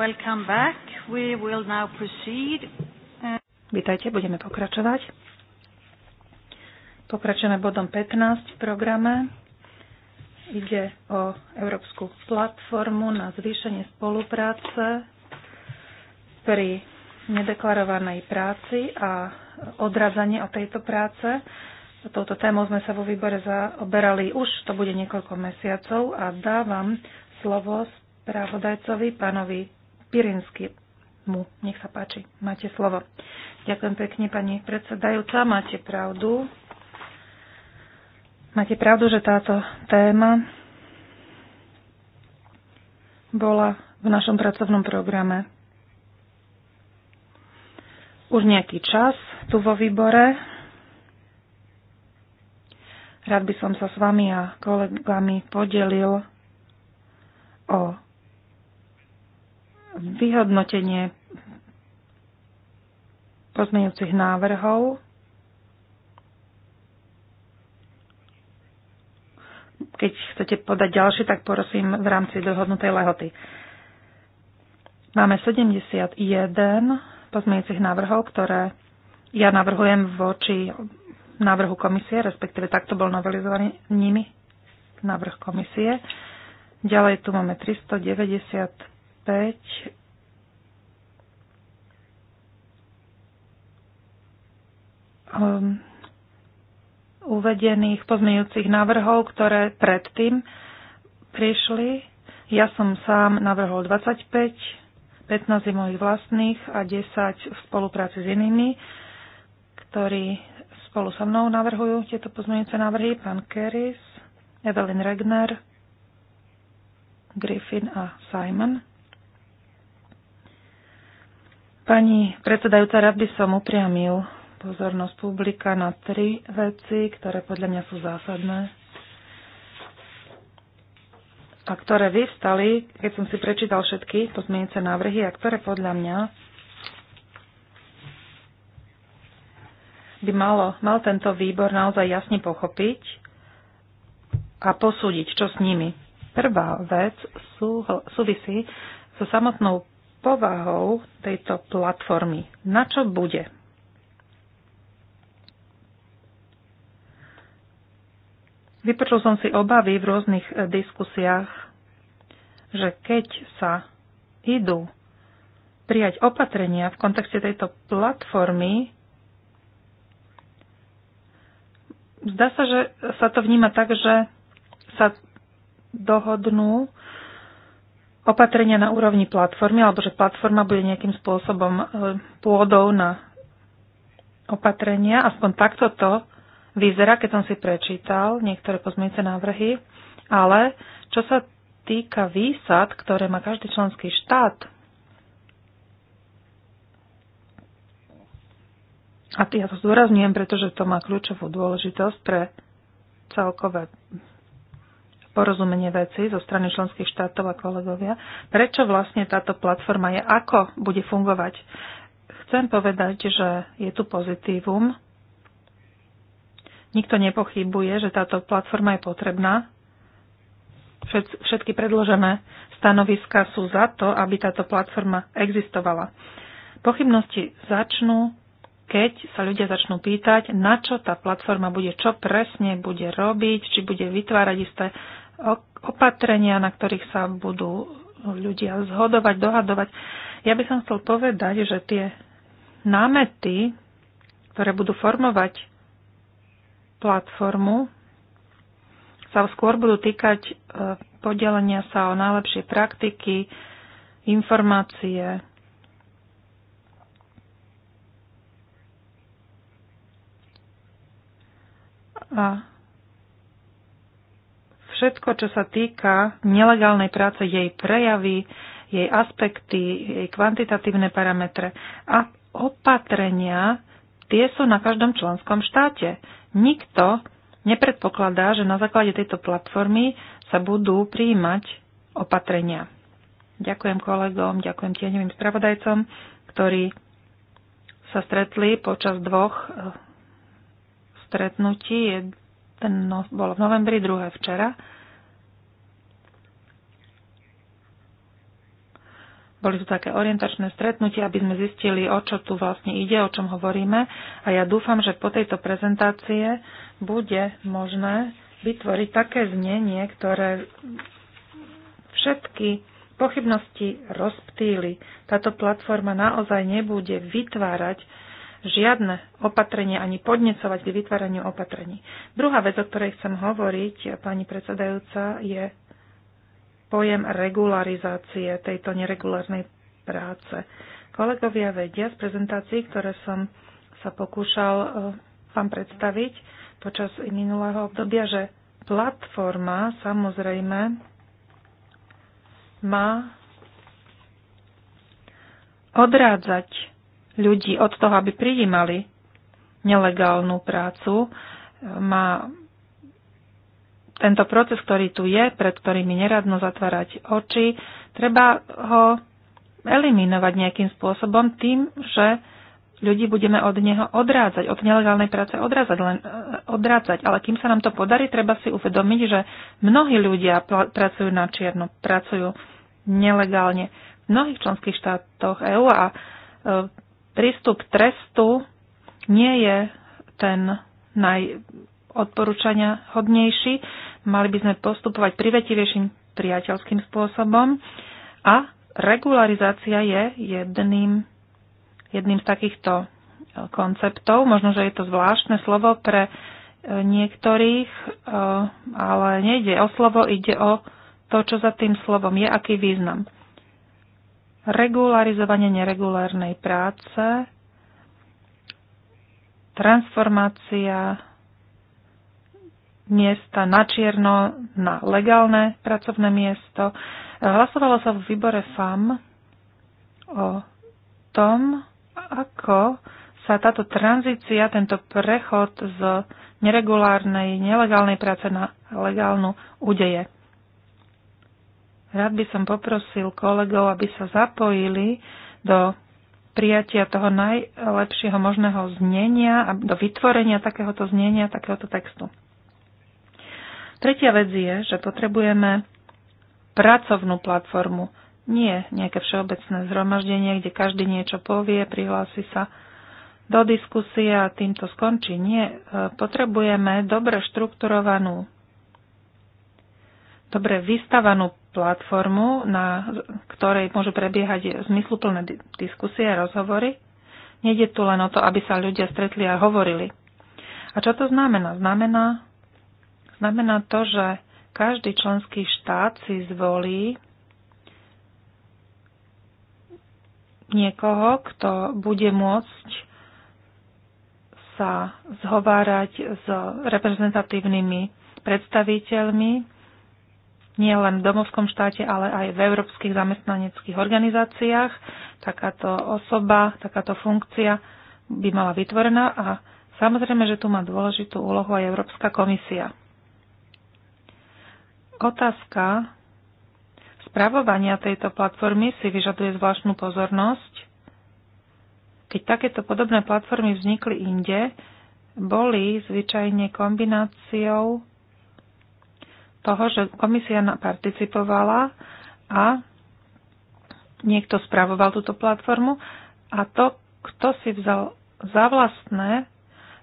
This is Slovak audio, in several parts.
Welcome back. We will now proceed. Vítajte, budeme pokračovať. Pokračujeme bodom 15 v programe. Ide o Európsku platformu na zvýšenie spolupráce pri nedeklarovanej práci a odradzanie od tejto práce. Touto tému sme sa vo výbore zaoberali už, to bude niekoľko mesiacov a dávam slovo spravodajcovi, pánovi Pirinskému. Nech sa páči, máte slovo. Ďakujem pekne, pani predsedajúca. Máte pravdu. Máte pravdu, že táto téma bola v našom pracovnom programe už nejaký čas tu vo výbore. Rád by som sa s vami a kolegami podelil o vyhodnotenie pozmeňujúcich návrhov. Keď chcete podať ďalšie, tak porosím v rámci dohodnutej lehoty. Máme 71 pozmeňujúcich návrhov, ktoré ja navrhujem voči návrhu komisie, respektíve takto bol novelizovaný nimi návrh komisie. Ďalej tu máme 390. 5 um, uvedených pozmeňujúcich návrhov, ktoré predtým prišli. Ja som sám navrhol 25, 15 je mojich vlastných a 10 v spolupráci s inými, ktorí spolu so mnou navrhujú tieto pozmeňujúce návrhy. Pán Keris, Evelyn Regner, Griffin a Simon. Pani predsedajúca, rád by som upriamil pozornosť publika na tri veci, ktoré podľa mňa sú zásadné a ktoré vyvstali, keď som si prečítal všetky pozmienice návrhy a ktoré podľa mňa by malo, mal tento výbor naozaj jasne pochopiť a posúdiť, čo s nimi. Prvá vec sú, súvisí so samotnou povahou tejto platformy? Na čo bude? Vypočul som si obavy v rôznych e, diskusiách, že keď sa idú prijať opatrenia v kontexte tejto platformy, zdá sa, že sa to vníma tak, že sa dohodnú opatrenia na úrovni platformy, alebo že platforma bude nejakým spôsobom e, pôdou na opatrenia. Aspoň takto to vyzerá, keď som si prečítal niektoré pozmeňujúce návrhy. Ale čo sa týka výsad, ktoré má každý členský štát, a ja to zdôrazňujem, pretože to má kľúčovú dôležitosť pre celkové porozumenie veci zo strany členských štátov a kolegovia, prečo vlastne táto platforma je, ako bude fungovať. Chcem povedať, že je tu pozitívum. Nikto nepochybuje, že táto platforma je potrebná. Všetky predložené stanoviska sú za to, aby táto platforma existovala. Pochybnosti začnú, keď sa ľudia začnú pýtať, na čo tá platforma bude, čo presne bude robiť, či bude vytvárať isté opatrenia, na ktorých sa budú ľudia zhodovať, dohadovať. Ja by som chcel povedať, že tie námety, ktoré budú formovať platformu, sa skôr budú týkať e, podelenia sa o najlepšie praktiky, informácie. A všetko, čo sa týka nelegálnej práce, jej prejavy, jej aspekty, jej kvantitatívne parametre a opatrenia, tie sú na každom členskom štáte. Nikto nepredpokladá, že na základe tejto platformy sa budú príjmať opatrenia. Ďakujem kolegom, ďakujem tieňovým spravodajcom, ktorí sa stretli počas dvoch eh, stretnutí. Ten no, bolo v novembri, druhé včera. Boli tu také orientačné stretnutia, aby sme zistili, o čo tu vlastne ide, o čom hovoríme. A ja dúfam, že po tejto prezentácie bude možné vytvoriť také znenie, ktoré všetky pochybnosti rozptýli. Táto platforma naozaj nebude vytvárať žiadne opatrenie ani podnecovať k vytváraniu opatrení. Druhá vec, o ktorej chcem hovoriť, pani predsedajúca, je pojem regularizácie tejto neregulárnej práce. Kolegovia vedia z prezentácií, ktoré som sa pokúšal e, vám predstaviť počas minulého obdobia, že platforma samozrejme má odrádzať ľudí od toho, aby prijímali nelegálnu prácu. E, má tento proces, ktorý tu je, pred ktorými neradno zatvárať oči, treba ho eliminovať nejakým spôsobom tým, že ľudí budeme od neho odrádzať, od nelegálnej práce odrádzať, len, e, odrádzať. Ale kým sa nám to podarí, treba si uvedomiť, že mnohí ľudia pracujú na čierno, pracujú nelegálne v mnohých členských štátoch EÚ a e, prístup trestu nie je ten najodporúčania hodnejší. Mali by sme postupovať privetivejším priateľským spôsobom a regularizácia je jedným, jedným z takýchto e, konceptov. Možno, že je to zvláštne slovo pre e, niektorých, e, ale nejde o slovo, ide o to, čo za tým slovom je, aký význam regularizovanie neregulárnej práce, transformácia miesta na čierno na legálne pracovné miesto. Hlasovalo sa v výbore FAM o tom, ako sa táto tranzícia, tento prechod z neregulárnej, nelegálnej práce na legálnu udeje. Rád by som poprosil kolegov, aby sa zapojili do prijatia toho najlepšieho možného znenia a do vytvorenia takéhoto znenia, takéhoto textu. Tretia vec je, že potrebujeme pracovnú platformu, nie nejaké všeobecné zhromaždenie, kde každý niečo povie, prihlási sa do diskusie a týmto skončí. Nie, e, potrebujeme dobre štrukturovanú, dobre vystavanú platformu, na ktorej môžu prebiehať zmysluplné diskusie a rozhovory. Nede tu len o to, aby sa ľudia stretli a hovorili. A čo to znamená? Znamená, znamená to, že každý členský štát si zvolí niekoho, kto bude môcť sa zhovárať s reprezentatívnymi predstaviteľmi nie len v domovskom štáte, ale aj v európskych zamestnaneckých organizáciách. Takáto osoba, takáto funkcia by mala vytvorená a samozrejme, že tu má dôležitú úlohu aj Európska komisia. Otázka spravovania tejto platformy si vyžaduje zvláštnu pozornosť. Keď takéto podobné platformy vznikli inde, boli zvyčajne kombináciou toho, že komisia participovala a niekto spravoval túto platformu a to, kto si vzal za vlastné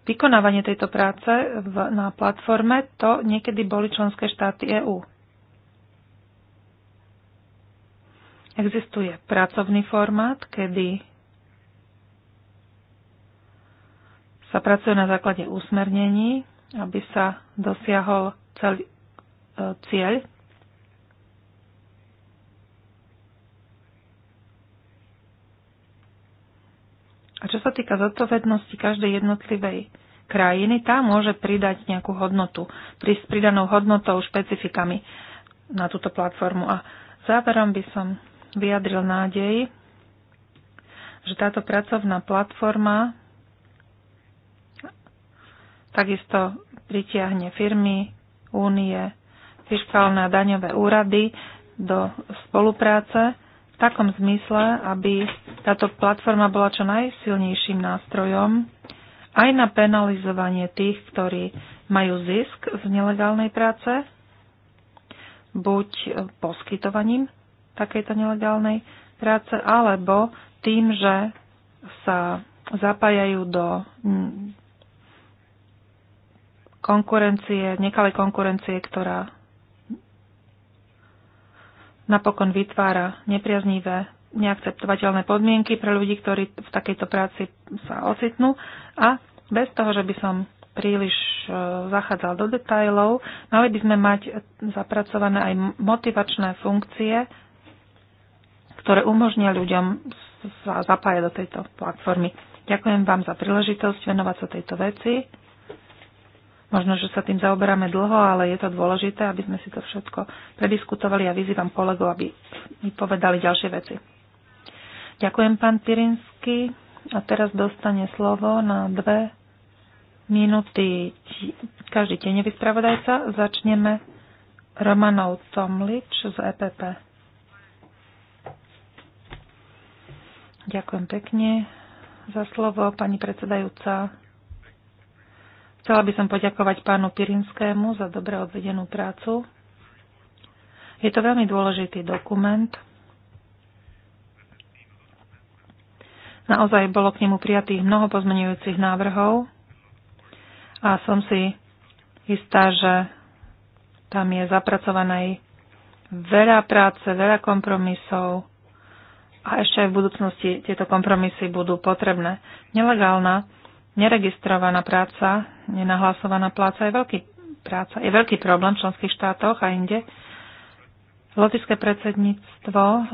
vykonávanie tejto práce v, na platforme, to niekedy boli členské štáty EÚ. Existuje pracovný formát, kedy sa pracuje na základe usmernení, aby sa dosiahol celý, cieľ. A čo sa týka zodpovednosti každej jednotlivej krajiny, tá môže pridať nejakú hodnotu, prísť pridanou hodnotou, špecifikami na túto platformu. A záverom by som vyjadril nádej, že táto pracovná platforma takisto pritiahne firmy, únie, fiskálne a daňové úrady do spolupráce v takom zmysle, aby táto platforma bola čo najsilnejším nástrojom aj na penalizovanie tých, ktorí majú zisk z nelegálnej práce, buď poskytovaním takejto nelegálnej práce, alebo tým, že sa zapájajú do mm, konkurencie, nekalej konkurencie, ktorá napokon vytvára nepriaznivé, neakceptovateľné podmienky pre ľudí, ktorí v takejto práci sa ocitnú a bez toho, že by som príliš e, zachádzal do detajlov, mali by sme mať zapracované aj motivačné funkcie, ktoré umožnia ľuďom sa zapájať do tejto platformy. Ďakujem vám za príležitosť venovať sa tejto veci. Možno, že sa tým zaoberáme dlho, ale je to dôležité, aby sme si to všetko prediskutovali a vyzývam kolegov, aby mi povedali ďalšie veci. Ďakujem, pán Pirinsky. A teraz dostane slovo na dve minúty každý tenevý spravodajca. Začneme Romanov Tomlič z EPP. Ďakujem pekne za slovo, pani predsedajúca. Chcela by som poďakovať pánu Pirinskému za dobre odvedenú prácu. Je to veľmi dôležitý dokument. Naozaj bolo k nemu prijatých mnoho pozmenujúcich návrhov a som si istá, že tam je zapracované veľa práce, veľa kompromisov a ešte aj v budúcnosti tieto kompromisy budú potrebné. Nelegálna Neregistrovaná práca, nenahlasovaná práca je veľký, práca, je veľký problém v členských štátoch a inde. Lotické predsedníctvo eh,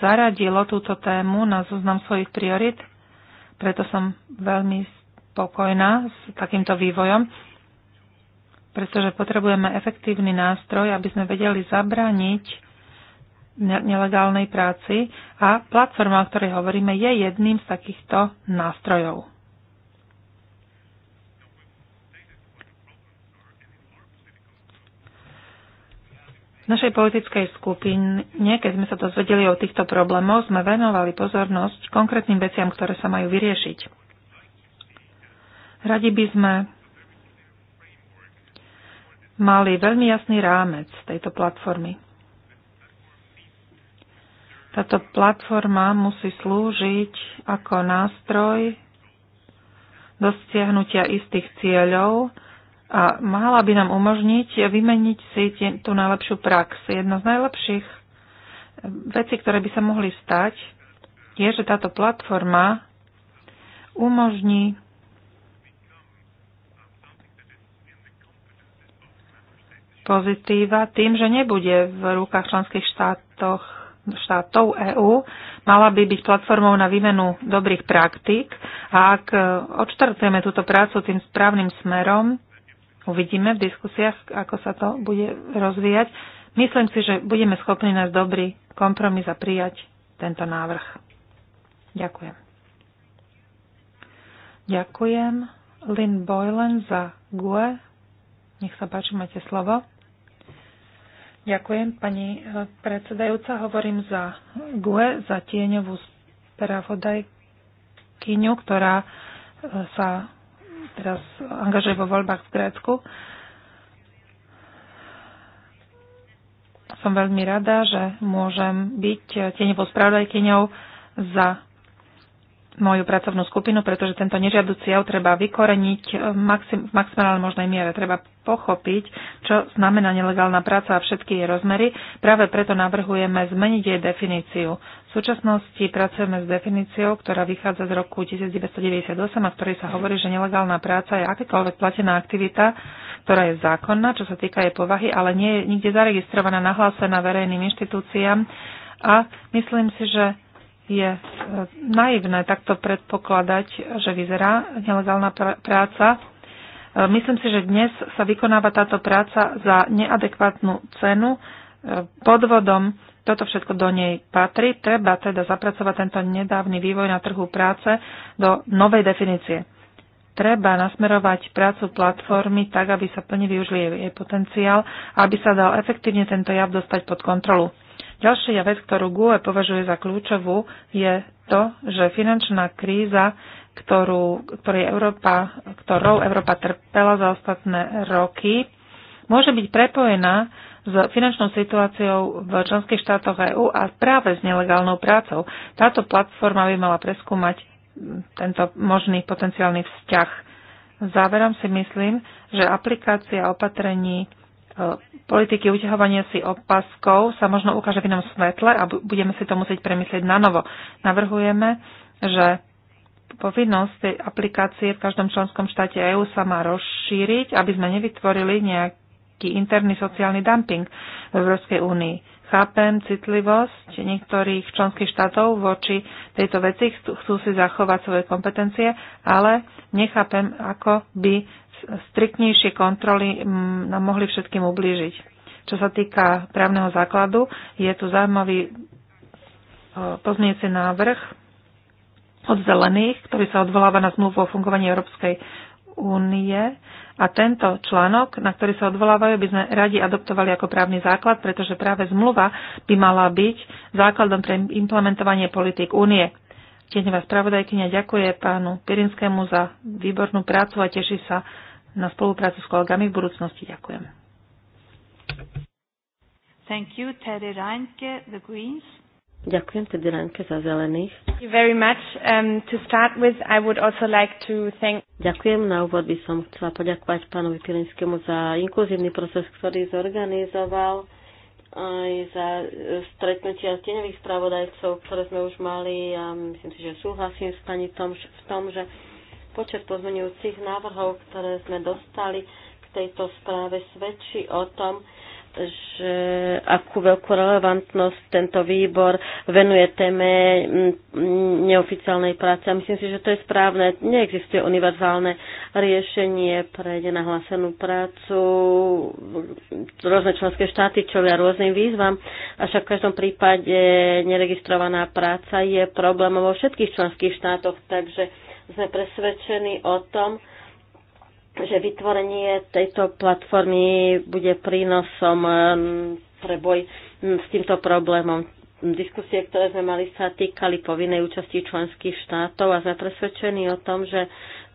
zaradilo túto tému na zoznam svojich priorit, preto som veľmi spokojná s takýmto vývojom, pretože potrebujeme efektívny nástroj, aby sme vedeli zabrániť nelegálnej práci a platforma, o ktorej hovoríme, je jedným z takýchto nástrojov. V našej politickej skupine, keď sme sa dozvedeli o týchto problémoch, sme venovali pozornosť konkrétnym veciam, ktoré sa majú vyriešiť. Radi by sme mali veľmi jasný rámec tejto platformy. Táto platforma musí slúžiť ako nástroj dosiahnutia istých cieľov a mala by nám umožniť vymeniť si tú najlepšiu prax. Jedna z najlepších vecí, ktoré by sa mohli stať, je, že táto platforma umožní pozitíva tým, že nebude v rukách členských štátoch štátov EÚ mala by byť platformou na výmenu dobrých praktík a ak e, odštartujeme túto prácu tým správnym smerom, uvidíme v diskusiách, ako sa to bude rozvíjať, myslím si, že budeme schopní nájsť dobrý kompromis a prijať tento návrh. Ďakujem. Ďakujem Lynn Boylan za GUE. Nech sa páči, máte slovo. Ďakujem, pani e, predsedajúca. Hovorím za GUE, za tieňovú spravodajkyňu, ktorá e, sa teraz angažuje vo voľbách v Grécku. Som veľmi rada, že môžem byť tieňovou spravodajkyňou za moju pracovnú skupinu, pretože tento nežiaducí jav treba vykoreniť eh, v maximálnej možnej miere. Treba pochopiť, čo znamená nelegálna práca a všetky jej rozmery. Práve preto navrhujeme zmeniť jej definíciu. V súčasnosti pracujeme s definíciou, ktorá vychádza z roku 1998 a ktorej sa hovorí, že nelegálna práca je akákoľvek platená aktivita, ktorá je zákonná, čo sa týka jej povahy, ale nie je nikde zaregistrovaná, nahlásená verejným inštitúciám. A myslím si, že je e, naivné takto predpokladať, že vyzerá nelegálna práca. E, myslím si, že dnes sa vykonáva táto práca za neadekvátnu cenu e, podvodom. Toto všetko do nej patrí. Treba teda zapracovať tento nedávny vývoj na trhu práce do novej definície. Treba nasmerovať prácu platformy tak, aby sa plne využili jej potenciál, aby sa dal efektívne tento jav dostať pod kontrolu. Ďalšia vec, ktorú GUE považuje za kľúčovú, je to, že finančná kríza, ktorú, ktorú Európa, ktorou Európa trpela za ostatné roky, môže byť prepojená s finančnou situáciou v členských štátoch EÚ a práve s nelegálnou prácou. Táto platforma by mala preskúmať tento možný potenciálny vzťah. Záverom si myslím, že aplikácia opatrení e, politiky uťahovania si opaskov sa možno ukáže v inom svetle a budeme si to musieť premyslieť na novo. Navrhujeme, že povinnosť tej aplikácie v každom členskom štáte EÚ sa má rozšíriť, aby sme nevytvorili nejaký interný sociálny dumping v Európskej únii. Chápem citlivosť niektorých členských štátov voči tejto veci, chcú si zachovať svoje kompetencie, ale nechápem, ako by striktnejšie kontroly nám mm, no, mohli všetkým ublížiť. Čo sa týka právneho základu, je tu zaujímavý e, pozmienci návrh od zelených, ktorý sa odvoláva na zmluvu o fungovaní Európskej únie. A tento článok, na ktorý sa odvolávajú, by sme radi adoptovali ako právny základ, pretože práve zmluva by mala byť základom pre implementovanie politik únie. Tieňová spravodajkynia ďakuje pánu Pirinskému za výbornú prácu a teší sa na spoluprácu s kolegami v budúcnosti. Ďakujem. Thank you, Teddy Reinke, the Greens. Ďakujem Teddy Reinke za zelených. Ďakujem. Na úvod by som chcela poďakovať pánovi Pilinskému za inkluzívny proces, ktorý zorganizoval aj za e, stretnutia s tieňových spravodajcov, ktoré sme už mali a myslím si, že súhlasím s pani Tomš v tom, že Počet pozmenujúcich návrhov, ktoré sme dostali k tejto správe, svedčí o tom, že akú veľkú relevantnosť tento výbor venuje téme mm, neoficiálnej práce. A myslím si, že to je správne. Neexistuje univerzálne riešenie pre nenahlásenú prácu. Rôzne členské štáty čovia rôznym výzvam, avšak v každom prípade neregistrovaná práca je problémom vo všetkých členských štátoch, takže sme presvedčení o tom, že vytvorenie tejto platformy bude prínosom um, pre boj um, s týmto problémom. Diskusie, ktoré sme mali, sa týkali povinnej účasti členských štátov a sme presvedčení o tom, že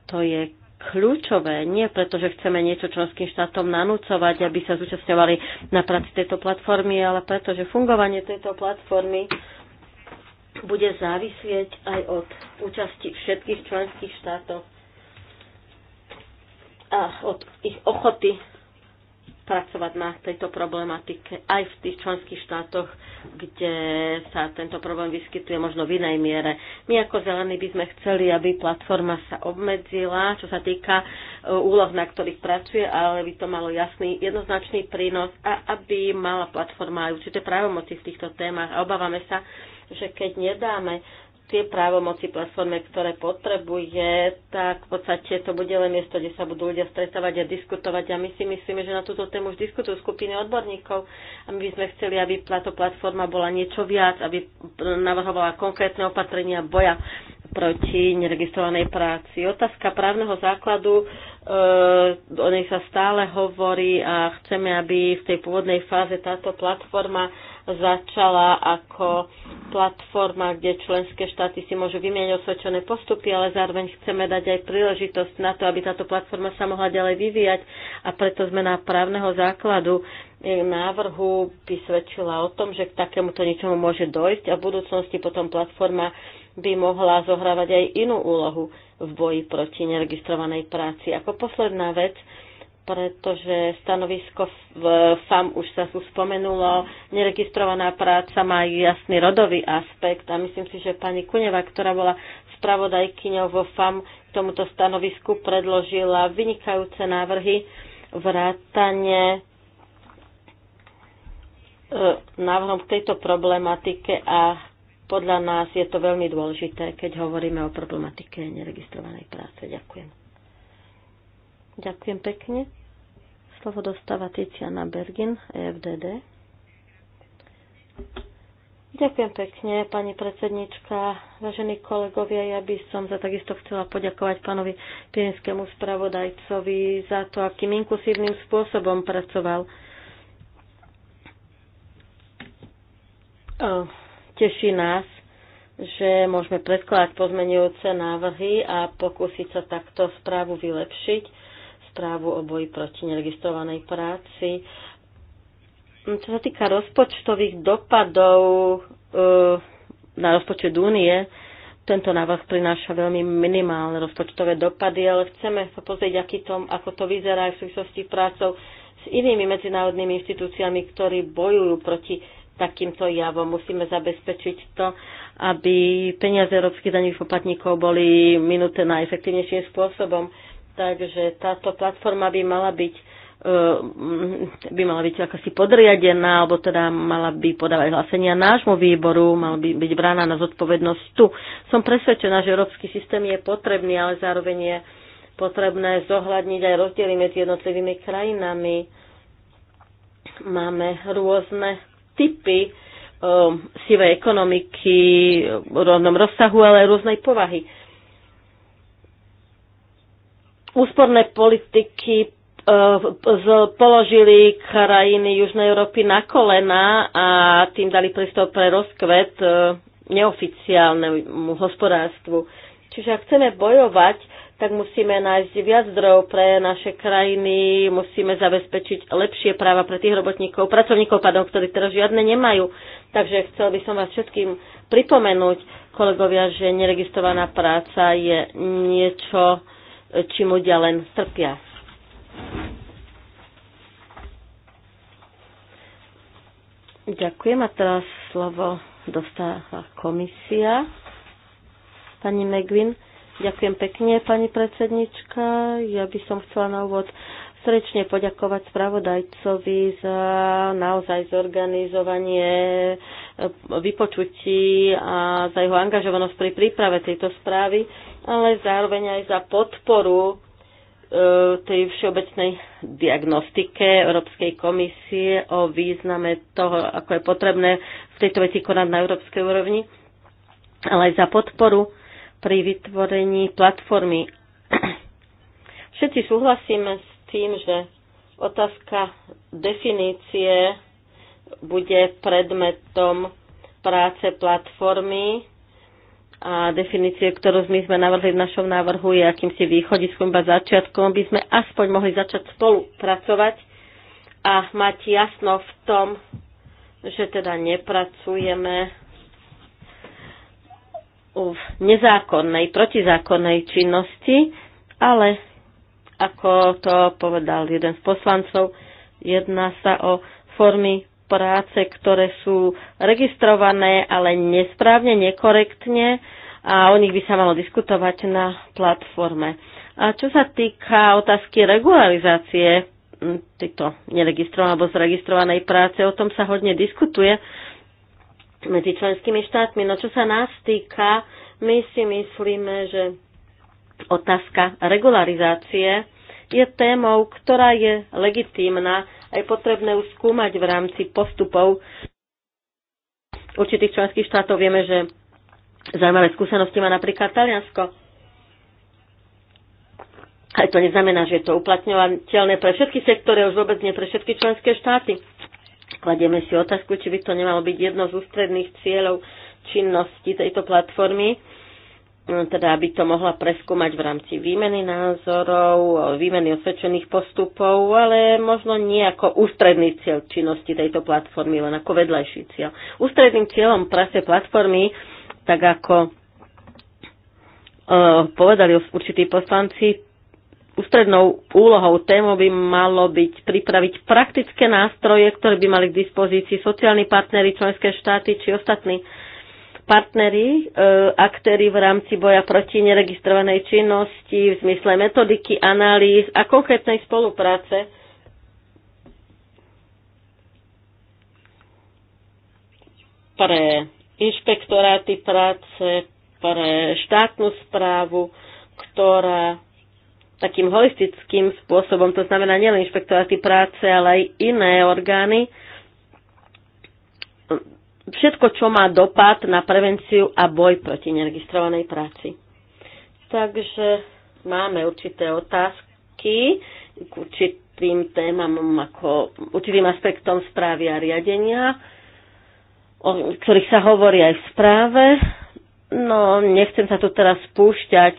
to je kľúčové, nie preto, že chceme niečo členským štátom nanúcovať, aby sa zúčastňovali na práci tejto platformy, ale preto, že fungovanie tejto platformy bude závisieť aj od účasti všetkých členských štátov a od ich ochoty pracovať na tejto problematike aj v tých členských štátoch, kde sa tento problém vyskytuje možno v inej miere. My ako zelení by sme chceli, aby platforma sa obmedzila, čo sa týka e, úloh, na ktorých pracuje, ale by to malo jasný, jednoznačný prínos a aby mala platforma aj určité právomoci v týchto témach. A obávame sa, že keď nedáme tie právomoci platforme, ktoré potrebuje, tak v podstate to bude len miesto, kde sa budú ľudia stretávať a diskutovať. A my si myslíme, že na túto tému už diskutujú skupiny odborníkov a my by sme chceli, aby táto platforma bola niečo viac, aby navrhovala konkrétne opatrenia boja proti neregistrovanej práci. Otázka právneho základu, e, o nej sa stále hovorí a chceme, aby v tej pôvodnej fáze táto platforma začala ako platforma, kde členské štáty si môžu vymieňať osvedčené postupy, ale zároveň chceme dať aj príležitosť na to, aby táto platforma sa mohla ďalej vyvíjať a preto sme na právneho základu návrhu by svedčila o tom, že k takémuto ničomu môže dojsť a v budúcnosti potom platforma by mohla zohrávať aj inú úlohu v boji proti neregistrovanej práci. Ako posledná vec, pretože stanovisko v FAM už sa tu spomenulo. Neregistrovaná práca má jasný rodový aspekt a myslím si, že pani Kuneva, ktorá bola spravodajkyňou vo FAM, k tomuto stanovisku predložila vynikajúce návrhy vrátane e, návrhom k tejto problematike a podľa nás je to veľmi dôležité, keď hovoríme o problematike neregistrovanej práce. Ďakujem. Ďakujem pekne. Slovo dostáva Tiziana Bergin, EFDD. Ďakujem pekne, pani predsednička. Vážení kolegovia, ja by som za takisto chcela poďakovať pánovi Pirinskému spravodajcovi za to, akým inkusívnym spôsobom pracoval. Ehm, teší nás, že môžeme predkladať pozmenujúce návrhy a pokúsiť sa takto správu vylepšiť správu o boji proti neregistrovanej práci. Čo sa týka rozpočtových dopadov e, na rozpočet únie, tento návrh prináša veľmi minimálne rozpočtové dopady, ale chceme sa pozrieť, aký tom, ako to vyzerá aj v súvislosti prácou s inými medzinárodnými inštitúciami, ktorí bojujú proti takýmto javom. Musíme zabezpečiť to, aby peniaze európskych daňových poplatníkov boli minuté najefektívnejším spôsobom. Takže táto platforma by mala byť eh, by mala byť akási podriadená, alebo teda mala by podávať hlásenia nášmu výboru, mala by byť brána na zodpovednosť tu. Som presvedčená, že európsky systém je potrebný, ale zároveň je potrebné zohľadniť aj rozdiely medzi jednotlivými krajinami. Máme rôzne typy um, sivej ekonomiky v rovnom rozsahu, ale aj rôznej povahy úsporné politiky e, položili krajiny Južnej Európy na kolena a tým dali prístup pre rozkvet e, neoficiálnemu hospodárstvu. Čiže ak chceme bojovať, tak musíme nájsť viac zdrojov pre naše krajiny, musíme zabezpečiť lepšie práva pre tých robotníkov, pracovníkov, pardon, ktorí teraz žiadne nemajú. Takže chcel by som vás všetkým pripomenúť, kolegovia, že neregistrovaná práca je niečo, čím ľudia len trpia. Ďakujem a teraz slovo dostáva komisia. Pani Megvin, ďakujem pekne, pani predsednička. Ja by som chcela na úvod srdečne poďakovať spravodajcovi za naozaj zorganizovanie e, vypočutí a za jeho angažovanosť pri príprave tejto správy ale zároveň aj za podporu e, tej všeobecnej diagnostike Európskej komisie o význame toho, ako je potrebné v tejto veci konať na európskej úrovni, ale aj za podporu pri vytvorení platformy. Všetci súhlasíme s tým, že otázka definície bude predmetom práce platformy a definície, ktorú my sme navrhli v našom návrhu, je akýmsi východiskom a začiatkom, by sme aspoň mohli začať spolupracovať a mať jasno v tom, že teda nepracujeme v nezákonnej, protizákonnej činnosti, ale ako to povedal jeden z poslancov, jedná sa o formy práce, ktoré sú registrované, ale nesprávne, nekorektne a o nich by sa malo diskutovať na platforme. A čo sa týka otázky regularizácie tejto neregistrovanej alebo zregistrovanej práce, o tom sa hodne diskutuje medzi členskými štátmi. No čo sa nás týka, my si myslíme, že otázka regularizácie je témou, ktorá je legitímna a je potrebné už skúmať v rámci postupov určitých členských štátov. Vieme, že zaujímavé skúsenosti má napríklad Taliansko. Ale to neznamená, že je to uplatňovateľné pre všetky sektory, už vôbec nie pre všetky členské štáty. Kladieme si otázku, či by to nemalo byť jedno z ústredných cieľov činnosti tejto platformy teda aby to mohla preskúmať v rámci výmeny názorov, výmeny osvedčených postupov, ale možno nie ako ústredný cieľ činnosti tejto platformy, len ako vedľajší cieľ. Ústredným cieľom práce platformy, tak ako e, povedali určití poslanci, ústrednou úlohou tému by malo byť pripraviť praktické nástroje, ktoré by mali k dispozícii sociálni partnery, členské štáty či ostatní partneri, e, aktéry v rámci boja proti neregistrovanej činnosti v zmysle metodiky, analýz a konkrétnej spolupráce. pre inšpektoráty práce, pre štátnu správu, ktorá takým holistickým spôsobom, to znamená nielen inšpektoráty práce, ale aj iné orgány, všetko, čo má dopad na prevenciu a boj proti neregistrovanej práci. Takže máme určité otázky k určitým témam, ako určitým aspektom správy a riadenia, o ktorých sa hovorí aj v správe. No, nechcem sa tu teraz spúšťať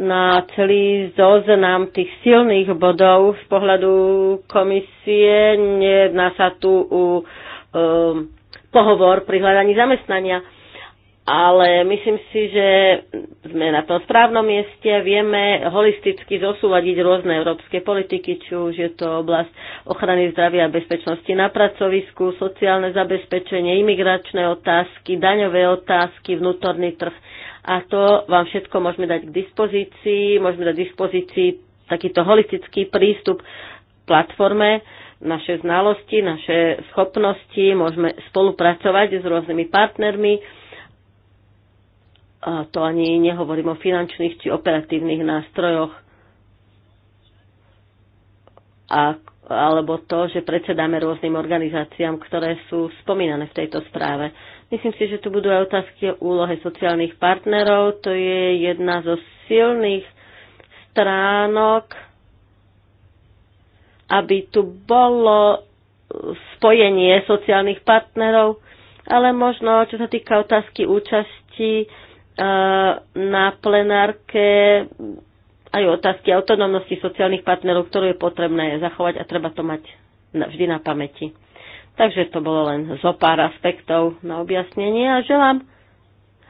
na celý zoznam tých silných bodov z pohľadu komisie. Nedná sa tu u um, pohovor pri hľadaní zamestnania. Ale myslím si, že sme na tom správnom mieste, vieme holisticky zosúvadiť rôzne európske politiky, či už je to oblasť ochrany zdravia a bezpečnosti na pracovisku, sociálne zabezpečenie, imigračné otázky, daňové otázky, vnútorný trh. A to vám všetko môžeme dať k dispozícii, môžeme dať k dispozícii takýto holistický prístup platforme, naše znalosti, naše schopnosti, môžeme spolupracovať s rôznymi partnermi. A to ani nehovorím o finančných či operatívnych nástrojoch. A, alebo to, že predsedáme rôznym organizáciám, ktoré sú spomínané v tejto správe. Myslím si, že tu budú aj otázky o úlohe sociálnych partnerov. To je jedna zo silných stránok aby tu bolo spojenie sociálnych partnerov, ale možno, čo sa týka otázky účasti e, na plenárke, aj otázky autonómnosti sociálnych partnerov, ktorú je potrebné zachovať a treba to mať vždy na pamäti. Takže to bolo len zo pár aspektov na objasnenie a želám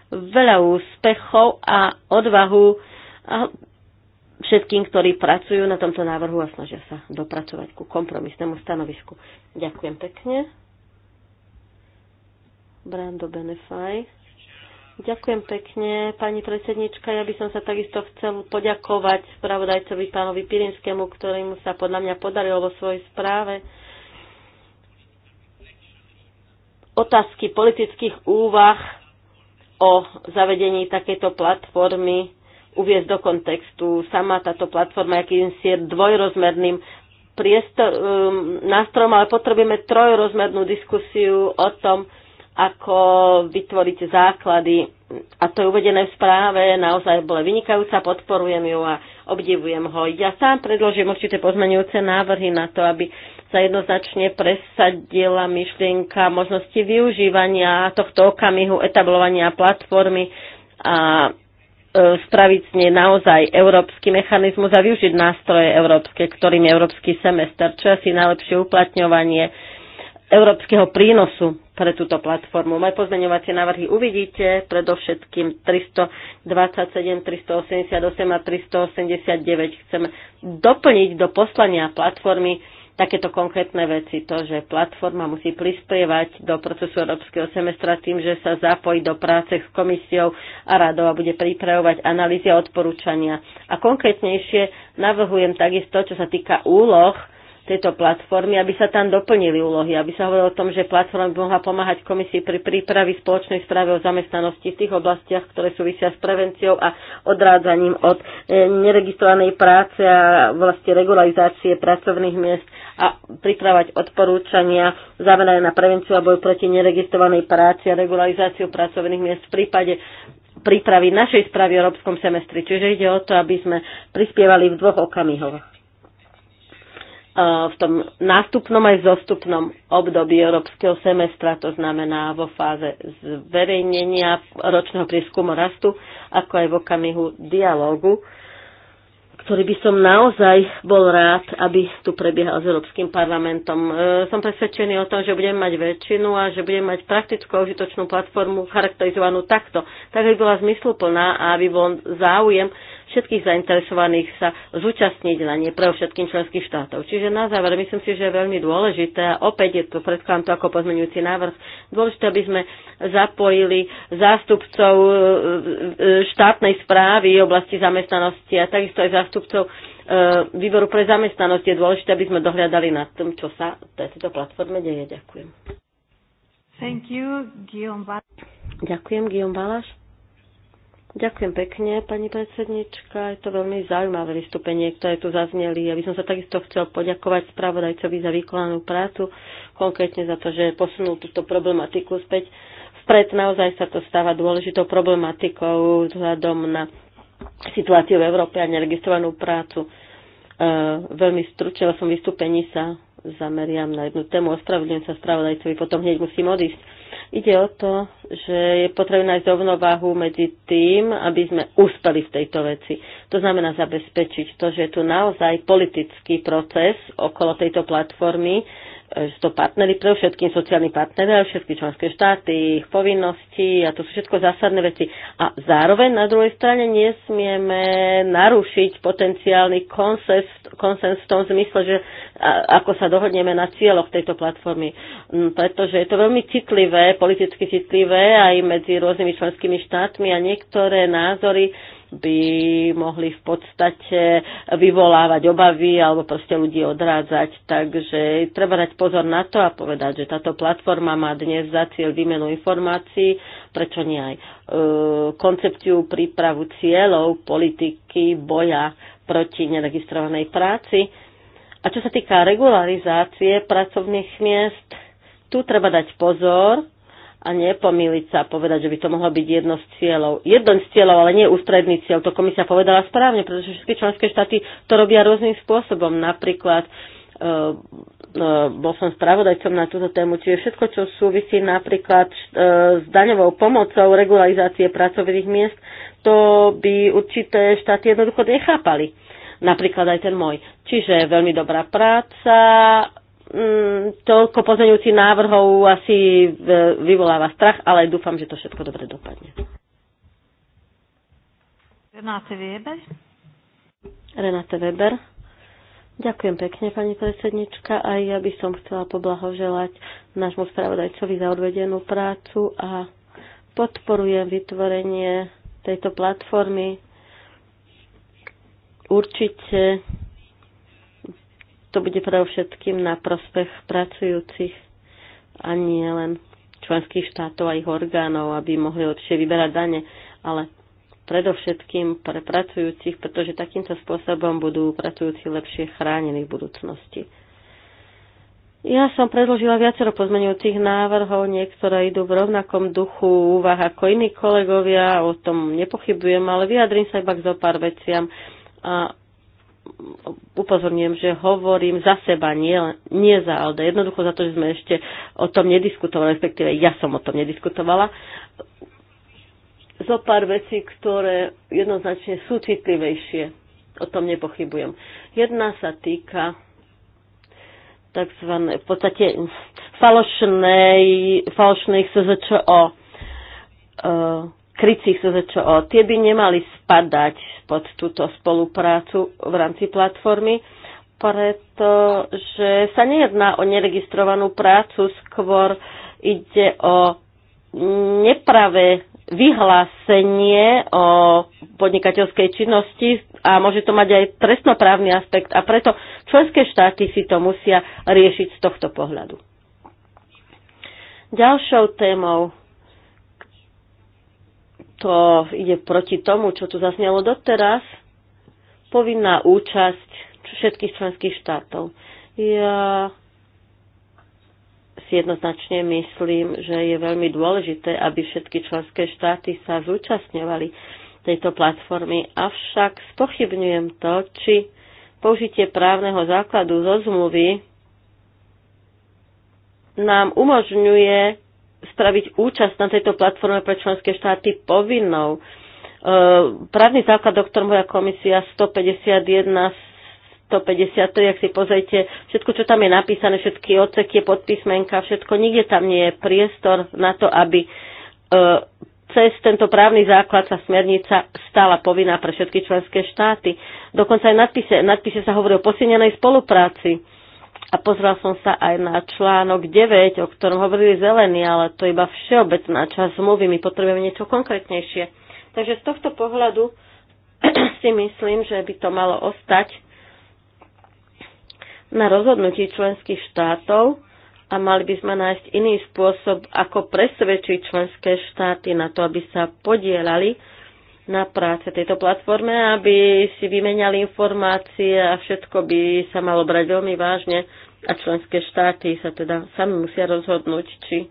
veľa úspechov a odvahu a všetkým, ktorí pracujú na tomto návrhu a snažia sa dopracovať ku kompromisnému stanovisku. Ďakujem pekne. Brando Benefaj. Ďakujem pekne, pani predsednička. Ja by som sa takisto chcel poďakovať spravodajcovi pánovi Pirinskému, ktorému sa podľa mňa podarilo vo svojej správe otázky politických úvah o zavedení takejto platformy uviezť do kontextu. Sama táto platforma si je dvojrozmerným priestor, um, nástrojom, ale potrebujeme trojrozmernú diskusiu o tom, ako vytvoriť základy. A to je uvedené v správe, naozaj bola vynikajúca, podporujem ju a obdivujem ho. Ja sám predložím určité pozmenujúce návrhy na to, aby sa jednoznačne presadila myšlienka možnosti využívania tohto okamihu, etablovania platformy a E, spraviť z nej naozaj európsky mechanizmus a využiť nástroje európske, ktorým je európsky semester, čo asi najlepšie uplatňovanie európskeho prínosu pre túto platformu. Moje pozmeňovacie návrhy uvidíte, predovšetkým 327, 388 a 389. Chcem doplniť do poslania platformy takéto konkrétne veci. To, že platforma musí prispievať do procesu európskeho semestra tým, že sa zapojí do práce s komisiou a radou a bude pripravovať analýzy a odporúčania. A konkrétnejšie navrhujem takisto, čo sa týka úloh, tejto platformy, aby sa tam doplnili úlohy, aby sa hovorilo o tom, že platforma by mohla pomáhať komisii pri prípravi spoločnej správy o zamestnanosti v tých oblastiach, ktoré súvisia s prevenciou a odrádzaním od e, neregistrovanej práce a vlastne regularizácie pracovných miest a pripravať odporúčania zamerané na prevenciu a boj proti neregistrovanej práci a regularizáciu pracovných miest v prípade prípravy našej správy o európskom semestri. Čiže ide o to, aby sme prispievali v dvoch okamihoch Eh, v tom nástupnom aj zostupnom období európskeho semestra, to znamená vo fáze zverejnenia ročného prieskumu rastu, ako aj v okamihu dialógu, ktorý by som naozaj bol rád, aby tu prebiehal s Európskym parlamentom. Eh, som presvedčený o tom, že budeme mať väčšinu a že budeme mať praktickú a užitočnú platformu charakterizovanú takto, tak aby bola zmysluplná a aby bol záujem všetkých zainteresovaných sa zúčastniť na nie pre všetkým členských štátov. Čiže na záver myslím si, že je veľmi dôležité, a opäť je to predkladám to ako pozmeňujúci návrh, dôležité, aby sme zapojili zástupcov e, e, štátnej správy v oblasti zamestnanosti a takisto aj zástupcov e, výboru pre zamestnanosť. Je dôležité, aby sme dohľadali nad tom, čo sa tejto platforme deje. Ďakujem. Thank you, Guillaume Balaš. Ďakujem, Guillaume Balaš. Ďakujem pekne, pani predsednička. Je to veľmi zaujímavé vystúpenie, ktoré tu zazneli. Ja by som sa takisto chcel poďakovať spravodajcovi za vykonanú prácu, konkrétne za to, že posunul túto problematiku späť. Vpred naozaj sa to stáva dôležitou problematikou vzhľadom na situáciu v Európe a neregistrovanú prácu. E, veľmi stručne vo svojom vystúpení sa zameriam na jednu tému. Ospravedlňujem sa spravodajcovi, potom hneď musím odísť Ide o to, že je potrebné nájsť rovnováhu medzi tým, aby sme uspeli v tejto veci. To znamená zabezpečiť to, že je tu naozaj politický proces okolo tejto platformy, E, to partnery, pre všetkým sociálni partnery, všetky členské štáty, ich povinnosti a to sú všetko zásadné veci. A zároveň na druhej strane nesmieme narušiť potenciálny konsens, konsens v tom zmysle, že ako sa dohodneme na cieľoch tejto platformy. Mm, pretože je to veľmi citlivé, politicky citlivé aj medzi rôznymi členskými štátmi a niektoré názory by mohli v podstate vyvolávať obavy alebo proste ľudí odrádzať. Takže treba dať pozor na to a povedať, že táto platforma má dnes za cieľ výmenu informácií, prečo nie aj e, koncepciu prípravu cieľov politiky boja proti neregistrovanej práci. A čo sa týka regularizácie pracovných miest, tu treba dať pozor, a nepomýliť sa a povedať, že by to mohlo byť jedno z cieľov. Jedno z cieľov, ale nie ústredný cieľ. To komisia povedala správne, pretože všetky členské štáty to robia rôznym spôsobom. Napríklad e, e, bol som spravodajcom na túto tému, čiže všetko, čo súvisí napríklad e, s daňovou pomocou regularizácie pracovných miest, to by určité štáty jednoducho nechápali. Napríklad aj ten môj. Čiže veľmi dobrá práca, Mm, toľko pozmeňujúcich návrhov asi e, vyvoláva strach, ale dúfam, že to všetko dobre dopadne. Renáte Weber. Renáte Weber. Ďakujem pekne, pani predsednička. A ja by som chcela poblahoželať nášmu spravodajcovi za odvedenú prácu a podporujem vytvorenie tejto platformy. Určite to bude všetkým na prospech pracujúcich a nie len členských štátov a ich orgánov, aby mohli lepšie vyberať dane, ale predovšetkým pre pracujúcich, pretože takýmto spôsobom budú pracujúci lepšie chránení v budúcnosti. Ja som predložila viacero pozmeňujúcich návrhov, niektoré idú v rovnakom duchu úvah ako iní kolegovia, o tom nepochybujem, ale vyjadrím sa iba k zo pár veciam a upozorňujem, že hovorím za seba, nie, nie za Alde. Jednoducho za to, že sme ešte o tom nediskutovali, respektíve ja som o tom nediskutovala. Zo pár vecí, ktoré jednoznačne sú citlivejšie, o tom nepochybujem. Jedna sa týka takzvané v podstate falošnej, falošnej SZČO. Uh, e, krycích SZČO, tie by nemali spadať pod túto spoluprácu v rámci platformy, pretože sa nejedná o neregistrovanú prácu, skôr ide o nepravé vyhlásenie o podnikateľskej činnosti a môže to mať aj trestnoprávny aspekt a preto členské štáty si to musia riešiť z tohto pohľadu. Ďalšou témou to ide proti tomu, čo tu zaznelo doteraz, povinná účasť všetkých členských štátov. Ja si jednoznačne myslím, že je veľmi dôležité, aby všetky členské štáty sa zúčastňovali tejto platformy, avšak spochybňujem to, či použitie právneho základu zo zmluvy nám umožňuje spraviť účasť na tejto platforme pre členské štáty povinnou. E, právny základ, o ktorom moja komisia 151 153, ak si pozrite, všetko, čo tam je napísané, všetky odseky, podpísmenka, všetko, nikde tam nie je priestor na to, aby e, cez tento právny základ sa smernica stala povinná pre všetky členské štáty. Dokonca aj nadpise, nadpise sa hovorí o posilnenej spolupráci. A pozrela som sa aj na článok 9, o ktorom hovorili zelení, ale to je iba všeobecná časť zmluvy. My potrebujeme niečo konkrétnejšie. Takže z tohto pohľadu si myslím, že by to malo ostať na rozhodnutí členských štátov a mali by sme nájsť iný spôsob, ako presvedčiť členské štáty na to, aby sa podielali na práce tejto platforme, aby si vymenali informácie a všetko by sa malo brať veľmi vážne a členské štáty sa teda sami musia rozhodnúť, či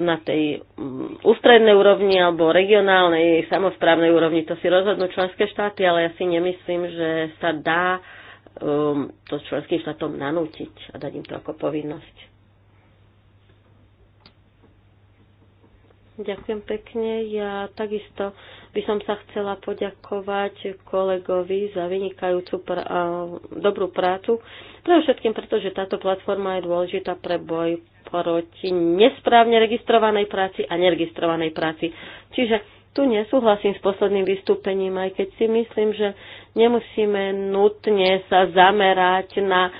na tej mm, ústrednej úrovni alebo regionálnej, samozprávnej úrovni, to si rozhodnú členské štáty, ale ja si nemyslím, že sa dá um, to členským štátom nanútiť a dať im to ako povinnosť. Ďakujem pekne. Ja takisto by som sa chcela poďakovať kolegovi za vynikajúcu pr- dobrú prácu. Pre všetkým, pretože táto platforma je dôležitá pre boj proti nesprávne registrovanej práci a neregistrovanej práci. Čiže tu nesúhlasím s posledným vystúpením, aj keď si myslím, že nemusíme nutne sa zamerať na e,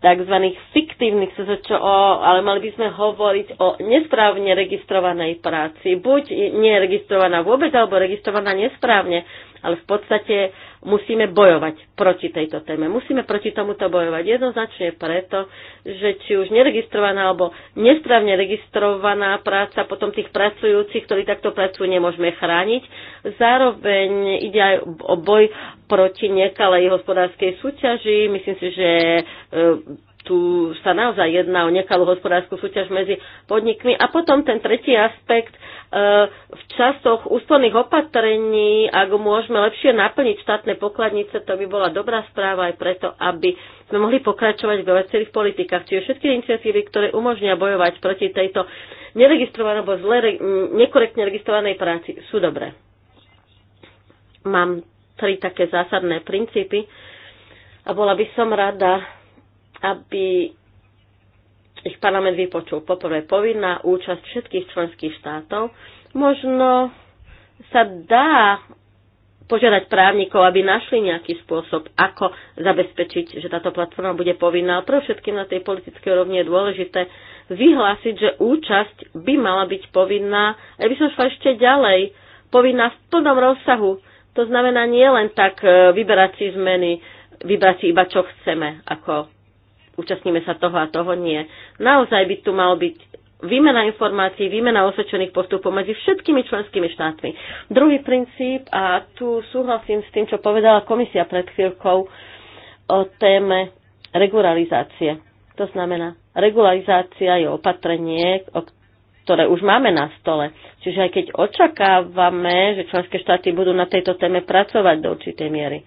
tzv. fiktívnych SZČO, ale mali by sme hovoriť o nesprávne registrovanej práci. Buď nie je registrovaná vôbec, alebo registrovaná nesprávne ale v podstate musíme bojovať proti tejto téme. Musíme proti tomuto bojovať jednoznačne preto, že či už neregistrovaná alebo nesprávne registrovaná práca potom tých pracujúcich, ktorí takto pracujú, nemôžeme chrániť. Zároveň ide aj o boj proti nekalej hospodárskej súťaži. Myslím si, že e, tu sa naozaj jedná o nekalú hospodárskú súťaž medzi podnikmi. A potom ten tretí aspekt, e, v časoch úsporných opatrení, ak môžeme lepšie naplniť štátne pokladnice, to by bola dobrá správa aj preto, aby sme mohli pokračovať vo viacerých politikách. Čiže všetky iniciatívy, ktoré umožnia bojovať proti tejto neregistrovanej alebo zle, nekorektne registrovanej práci, sú dobré. Mám tri také zásadné princípy a bola by som rada, aby ich parlament vypočul. Poprvé, povinná účasť všetkých členských štátov. Možno sa dá požiadať právnikov, aby našli nejaký spôsob, ako zabezpečiť, že táto platforma bude povinná. pre všetkým na tej politickej rovni je dôležité vyhlásiť, že účasť by mala byť povinná, aj by som šla ešte ďalej, povinná v plnom rozsahu. To znamená nie len tak e, vyberať si zmeny, vybrať si iba čo chceme ako účastníme sa toho a toho nie. Naozaj by tu mal byť výmena informácií, výmena osvedčených postupov medzi všetkými členskými štátmi. Druhý princíp, a tu súhlasím s tým, čo povedala komisia pred chvíľkou o téme regularizácie. To znamená, regularizácia je opatrenie, ktoré už máme na stole. Čiže aj keď očakávame, že členské štáty budú na tejto téme pracovať do určitej miery.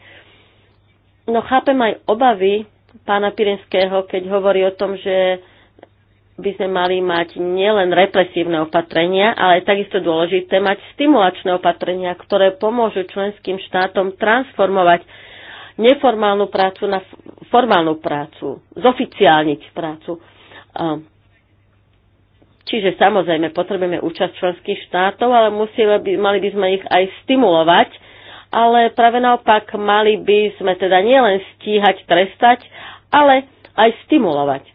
No chápem aj obavy pána Pirinského, keď hovorí o tom, že by sme mali mať nielen represívne opatrenia, ale je takisto dôležité mať stimulačné opatrenia, ktoré pomôžu členským štátom transformovať neformálnu prácu na formálnu prácu, zoficiálniť prácu. Čiže samozrejme potrebujeme účasť členských štátov, ale museli by, mali by sme ich aj stimulovať, ale práve naopak mali by sme teda nielen stíhať, trestať, ale aj stimulovať.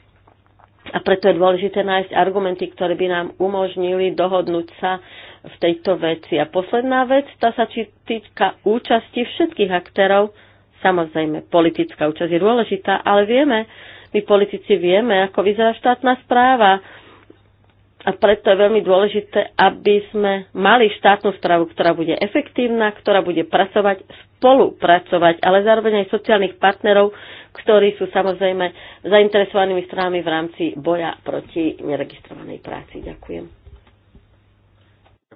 A preto je dôležité nájsť argumenty, ktoré by nám umožnili dohodnúť sa v tejto veci. A posledná vec, tá sa týka účasti všetkých aktérov. Samozrejme, politická účasť je dôležitá, ale vieme, my politici vieme, ako vyzerá štátna správa, a preto je veľmi dôležité, aby sme mali štátnu správu, ktorá bude efektívna, ktorá bude pracovať, spolupracovať, ale zároveň aj sociálnych partnerov, ktorí sú samozrejme zainteresovanými stranami v rámci boja proti neregistrovanej práci. Ďakujem.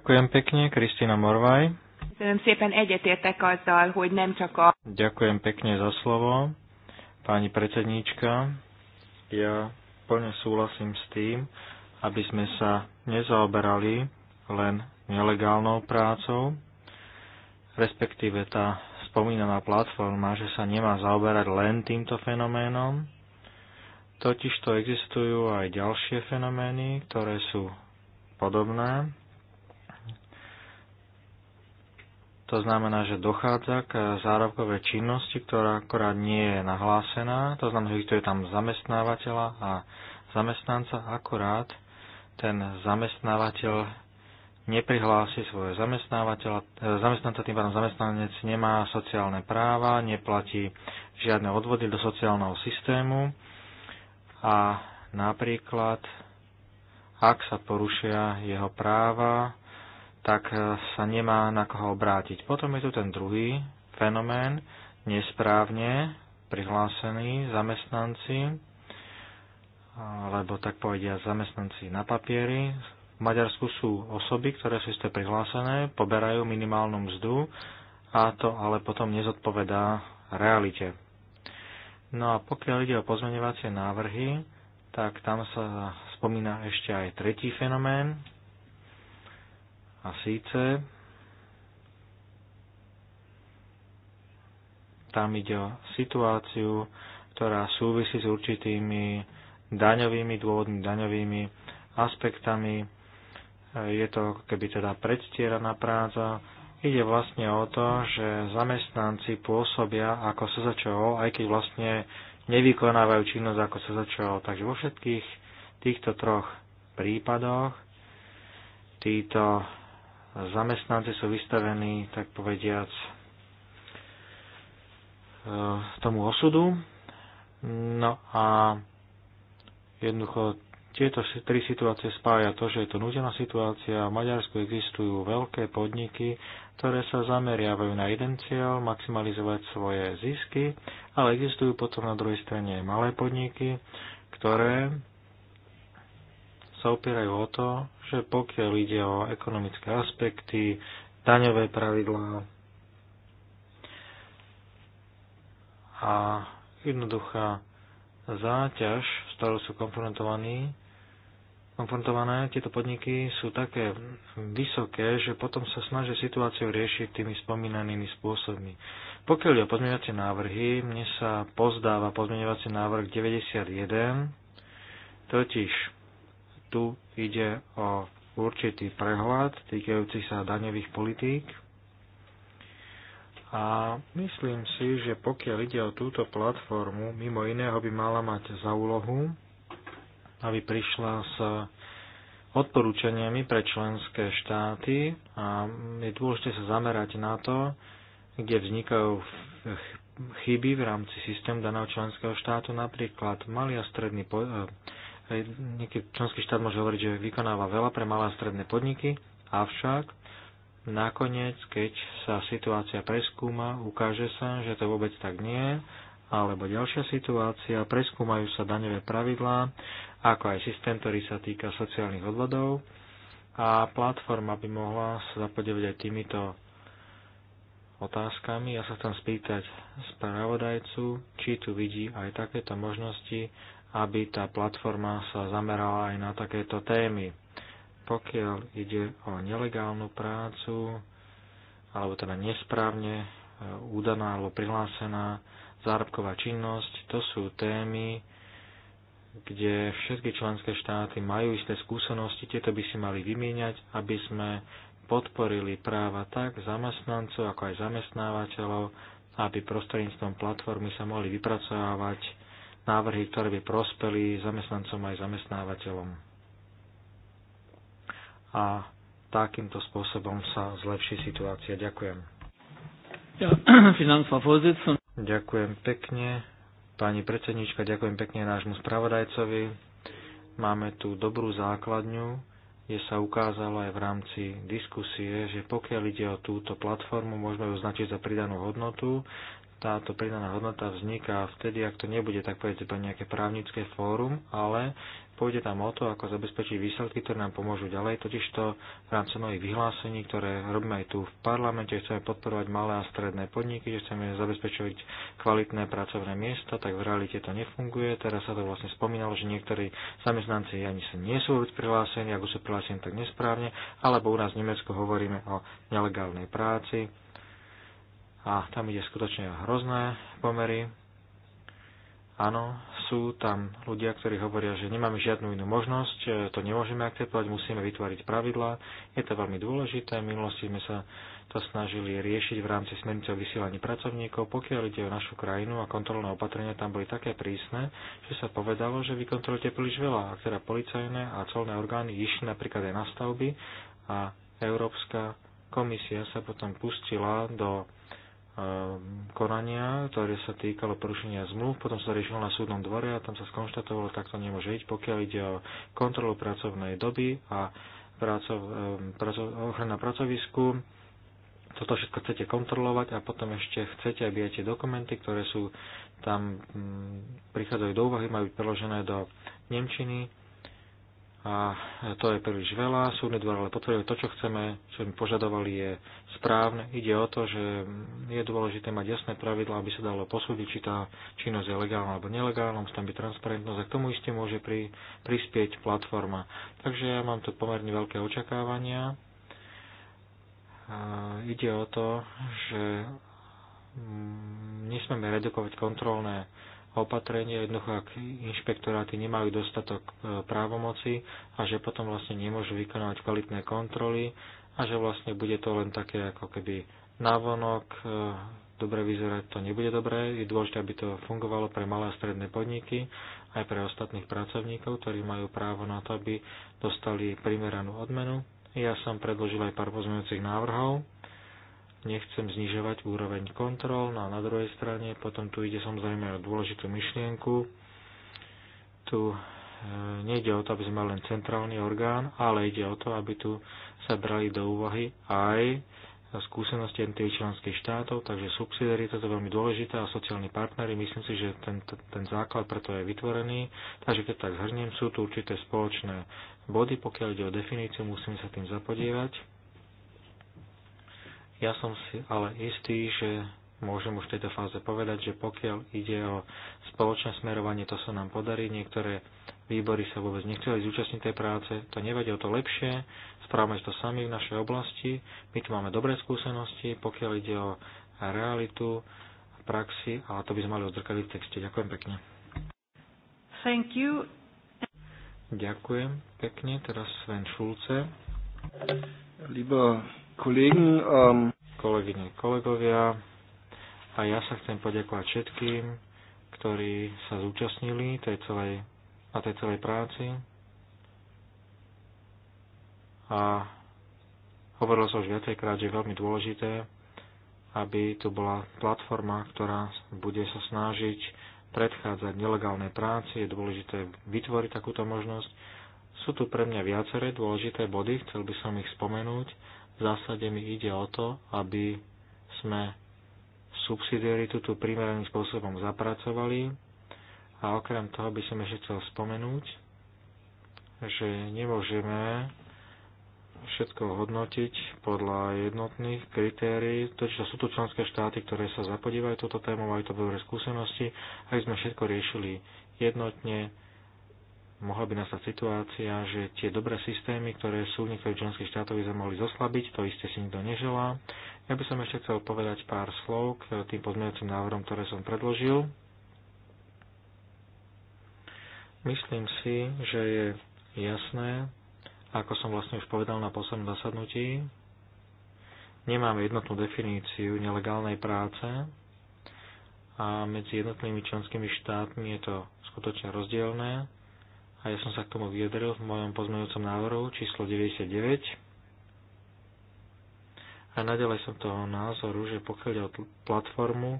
Ďakujem pekne, Kristina Morvaj. Ďakujem pekne za slovo, pani predsedníčka. Ja plne súhlasím s tým, aby sme sa nezaoberali len nelegálnou prácou, respektíve tá spomínaná platforma, že sa nemá zaoberať len týmto fenoménom, totižto existujú aj ďalšie fenomény, ktoré sú podobné. To znamená, že dochádza k zárobkovej činnosti, ktorá akorát nie je nahlásená. To znamená, že to je tam zamestnávateľa a zamestnanca akorát ten zamestnávateľ neprihlási svoje zamestnávateľa, e, zamestnanca, tým pádom zamestnanec nemá sociálne práva, neplatí žiadne odvody do sociálneho systému a napríklad, ak sa porušia jeho práva, tak e, sa nemá na koho obrátiť. Potom je tu ten druhý fenomén, nesprávne prihlásení zamestnanci, alebo tak povedia zamestnanci na papieri. V Maďarsku sú osoby, ktoré sú ste prihlásené, poberajú minimálnu mzdu a to ale potom nezodpovedá realite. No a pokiaľ ide o pozmeňovacie návrhy, tak tam sa spomína ešte aj tretí fenomén. A síce tam ide o situáciu, ktorá súvisí s určitými daňovými dôvodmi, daňovými aspektami. E, je to keby teda predstieraná práca. Ide vlastne o to, že zamestnanci pôsobia ako SZČO, aj keď vlastne nevykonávajú činnosť ako SZČO. Takže vo všetkých týchto troch prípadoch títo zamestnanci sú vystavení, tak povediac, e, tomu osudu. No a Jednoducho tieto tri situácie spája to, že je to núdená situácia. V Maďarsku existujú veľké podniky, ktoré sa zameriavajú na jeden cieľ, maximalizovať svoje zisky, ale existujú potom na druhej strane malé podniky, ktoré sa opierajú o to, že pokiaľ ide o ekonomické aspekty, daňové pravidlá a jednoduchá záťaž, s ktorou sú konfrontovaní, konfrontované tieto podniky sú také vysoké, že potom sa snažia situáciu riešiť tými spomínanými spôsobmi. Pokiaľ je o podmienovacie návrhy, mne sa pozdáva pozmeňovací návrh 91, totiž tu ide o určitý prehľad týkajúci sa daňových politík a myslím si, že pokiaľ ide o túto platformu, mimo iného by mala mať za úlohu, aby prišla s odporúčaniami pre členské štáty a je dôležité sa zamerať na to, kde vznikajú chyby v rámci systému daného členského štátu. Napríklad malý a stredný po- e, e, Niekedy členský štát môže hovoriť, že vykonáva veľa pre malé a stredné podniky, avšak Nakoniec, keď sa situácia preskúma, ukáže sa, že to vôbec tak nie, je, alebo ďalšia situácia, preskúmajú sa daňové pravidlá, ako aj systém, ktorý sa týka sociálnych odvodov a platforma by mohla sa zapodieť aj týmito otázkami. Ja sa chcem spýtať spravodajcu, či tu vidí aj takéto možnosti, aby tá platforma sa zamerala aj na takéto témy pokiaľ ide o nelegálnu prácu, alebo teda nesprávne údaná e, alebo prihlásená zárobková činnosť, to sú témy, kde všetky členské štáty majú isté skúsenosti, tieto by si mali vymieňať, aby sme podporili práva tak zamestnancov, ako aj zamestnávateľov, aby prostredníctvom platformy sa mohli vypracovávať návrhy, ktoré by prospeli zamestnancom aj zamestnávateľom a takýmto spôsobom sa zlepší situácia. Ďakujem. ďakujem pekne. Pani predsednička, ďakujem pekne nášmu spravodajcovi. Máme tu dobrú základňu, kde sa ukázalo aj v rámci diskusie, že pokiaľ ide o túto platformu, môžeme ju značiť za pridanú hodnotu táto pridaná hodnota vzniká vtedy, ak to nebude tak povedať pre nejaké právnické fórum, ale pôjde tam o to, ako zabezpečiť výsledky, ktoré nám pomôžu ďalej, totižto v rámci nových vyhlásení, ktoré robíme aj tu v parlamente, chceme podporovať malé a stredné podniky, že chceme zabezpečovať kvalitné pracovné miesta, tak v realite to nefunguje. Teraz sa to vlastne spomínalo, že niektorí zamestnanci ani sa nie sú prihlásení, ako sú prihlásení tak nesprávne, alebo u nás v Nemecku hovoríme o nelegálnej práci, a tam ide skutočne hrozné pomery. Áno, sú tam ľudia, ktorí hovoria, že nemáme žiadnu inú možnosť, e, to nemôžeme akceptovať, musíme vytvoriť pravidlá. Je to veľmi dôležité, v minulosti sme sa to snažili riešiť v rámci smernice o vysielaní pracovníkov. Pokiaľ ide o našu krajinu a kontrolné opatrenia tam boli také prísne, že sa povedalo, že vy kontrolujete príliš veľa, a teda policajné a colné orgány išli napríklad aj na stavby a Európska komisia sa potom pustila do Ehm, konania, ktoré sa týkalo porušenia zmluv, potom sa riešilo na súdnom dvore a tam sa skonštatovalo, to nemôže ísť, pokiaľ ide o kontrolu pracovnej doby a pracov, ehm, pracov, na pracovisku. Toto všetko chcete kontrolovať a potom ešte chcete, aby aj tie dokumenty, ktoré sú tam, mm, prichádzajú do úvahy, majú byť preložené do Nemčiny a to je príliš veľa. Súdny dvor ale potvrdil to, čo chceme, čo sme požadovali, je správne. Ide o to, že je dôležité mať jasné pravidlá, aby sa dalo posúdiť, či tá činnosť je legálna alebo nelegálna, musí tam byť transparentnosť a k tomu iste môže pri, prispieť platforma. Takže ja mám tu pomerne veľké očakávania. A ide o to, že nesmeme redukovať kontrolné opatrenie, jednoducho ak inšpektoráty nemajú dostatok e, právomoci a že potom vlastne nemôžu vykonávať kvalitné kontroly a že vlastne bude to len také ako keby navonok, e, dobre vyzerať to nebude dobré. Je dôležité, aby to fungovalo pre malé a stredné podniky, aj pre ostatných pracovníkov, ktorí majú právo na to, aby dostali primeranú odmenu. Ja som predložil aj pár pozmeňujúcich návrhov, nechcem znižovať úroveň kontrol, no a na druhej strane potom tu ide samozrejme o dôležitú myšlienku. Tu e, nejde o to, aby sme mali len centrálny orgán, ale ide o to, aby tu sa brali do úvahy aj skúsenosti jednotlivých členských štátov, takže subsidiarita to je veľmi dôležité a sociálni partnery, myslím si, že ten, ten základ preto je vytvorený. Takže keď tak zhrniem, sú tu určité spoločné body, pokiaľ ide o definíciu, musíme sa tým zapodívať ja som si ale istý, že môžem už v tejto fáze povedať, že pokiaľ ide o spoločné smerovanie, to sa nám podarí. Niektoré výbory sa vôbec nechceli zúčastniť tej práce, to o to lepšie, správame to sami v našej oblasti, my tu máme dobré skúsenosti, pokiaľ ide o realitu, praxi, ale to by sme mali odzrkadiť v texte. Ďakujem pekne. Thank you. Ďakujem pekne, teraz Sven Šulce. Libo Kollegen, um... Kolegyne, kolegovia, a ja sa chcem poďakovať všetkým, ktorí sa zúčastnili tej celej, na tej celej práci. A hovorilo sa už viacejkrát, že je veľmi dôležité, aby tu bola platforma, ktorá bude sa snažiť predchádzať nelegálnej práci. Je dôležité vytvoriť takúto možnosť. Sú tu pre mňa viaceré dôležité body, chcel by som ich spomenúť v zásade mi ide o to, aby sme subsidiaritu tu primeraným spôsobom zapracovali a okrem toho by som ešte chcel spomenúť, že nemôžeme všetko hodnotiť podľa jednotných kritérií. Totiž sú tu členské štáty, ktoré sa zapodívajú toto tému, majú to dobré skúsenosti, aby sme všetko riešili jednotne, mohla by nastať situácia, že tie dobré systémy, ktoré sú v niektorých členských štátoch, by sme mohli zoslabiť, to isté si nikto neželá. Ja by som ešte chcel povedať pár slov k tým pozmeňujúcim návrhom, ktoré som predložil. Myslím si, že je jasné, ako som vlastne už povedal na poslednom zasadnutí, nemáme jednotnú definíciu nelegálnej práce a medzi jednotnými členskými štátmi je to skutočne rozdielne a ja som sa k tomu vyjadril v mojom pozmeňujúcom návrhu číslo 99. A naďalej som toho názoru, že pokiaľ ide o platformu,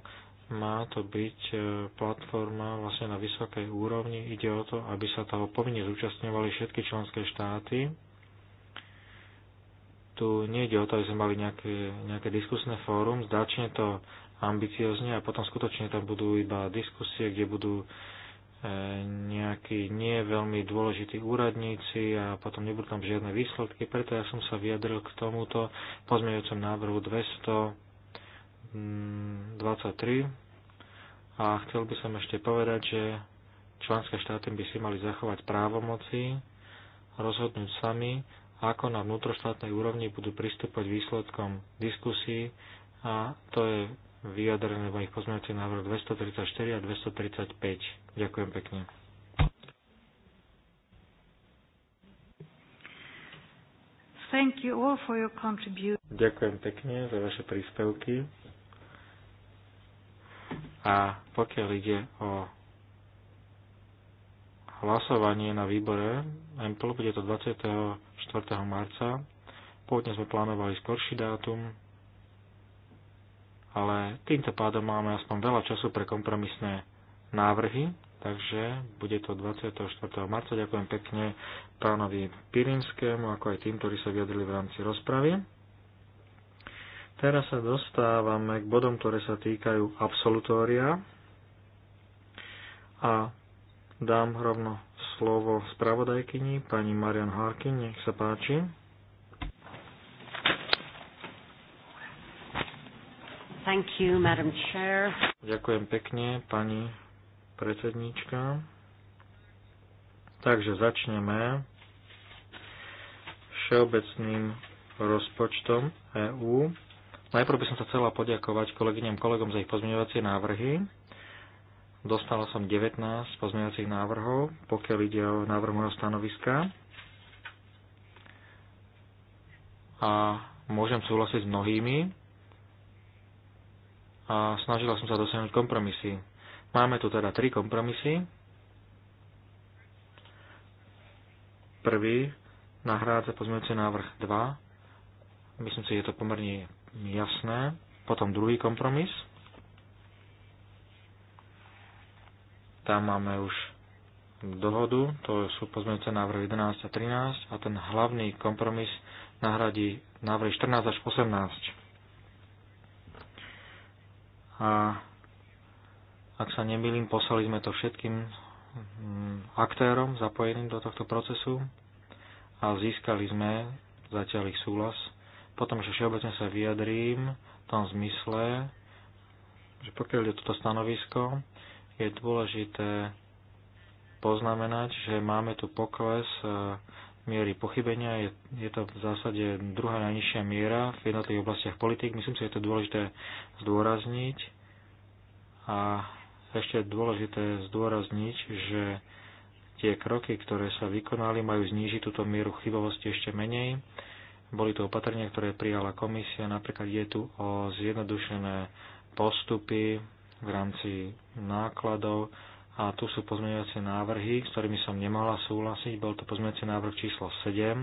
má to byť e, platforma vlastne na vysokej úrovni. Ide o to, aby sa toho povinne zúčastňovali všetky členské štáty. Tu nie ide o to, aby sme mali nejaké, nejaké diskusné fórum. zdáčne to ambiciozne a potom skutočne tam budú iba diskusie, kde budú uh, E, nejakí nie veľmi dôležití úradníci a potom nebudú tam žiadne výsledky. Preto ja som sa vyjadril k tomuto pozmeňujúcom návrhu 223 mm, a chcel by som ešte povedať, že členské štáty by si mali zachovať právomoci rozhodnúť sami, ako na vnútroštátnej úrovni budú pristúpať výsledkom diskusí a to je vyjadrené v mojich pozmeňujúcich návrhoch 234 a 235. Ďakujem pekne. Thank you all for your contribution. Ďakujem pekne za vaše príspevky. A pokiaľ ide o hlasovanie na výbore MPL, bude to 24. marca. Pôvodne sme plánovali skorší dátum, ale týmto pádom máme aspoň veľa času pre kompromisné návrhy. Takže bude to 24. marca. Ďakujem pekne pánovi Pirinskému, ako aj tým, ktorí sa vyjadrili v rámci rozpravy. Teraz sa dostávame k bodom, ktoré sa týkajú absolutória. A dám rovno slovo spravodajkyni, pani Marian Harkin, nech sa páči. Thank you, Madam Chair. Ďakujem pekne, pani predsedníčka. Takže začneme všeobecným rozpočtom EÚ. Najprv by som sa chcela poďakovať kolegyňam kolegom za ich pozmeňovacie návrhy. Dostala som 19 pozmeňovacích návrhov, pokiaľ ide o návrh môjho stanoviska. A môžem súhlasiť s mnohými. A snažila som sa dosiahnuť kompromisy. Máme tu teda tri kompromisy. Prvý nahrádza pozmeňujúci návrh 2. Myslím si, že je to pomerne jasné. Potom druhý kompromis. Tam máme už dohodu, to sú pozmeňujúce návrhy 11 a 13 a ten hlavný kompromis nahradí návrhy 14 až 18. A ak sa nemýlim, poslali sme to všetkým mm, aktérom zapojeným do tohto procesu a získali sme zatiaľ ich súhlas. Potom, že všeobecne sa vyjadrím v tom zmysle, že pokiaľ je toto stanovisko, je dôležité poznamenať, že máme tu pokles e, miery pochybenia. Je, je to v zásade druhá najnižšia miera v jednotlivých oblastiach politik. Myslím si, že je to dôležité zdôrazniť. A ešte dôležité zdôrazniť, že tie kroky, ktoré sa vykonali, majú znížiť túto mieru chybovosti ešte menej. Boli to opatrenia, ktoré prijala komisia, napríklad je tu o zjednodušené postupy v rámci nákladov a tu sú pozmeňovacie návrhy, s ktorými som nemohla súhlasiť. Bol to pozmeňovací návrh číslo 7,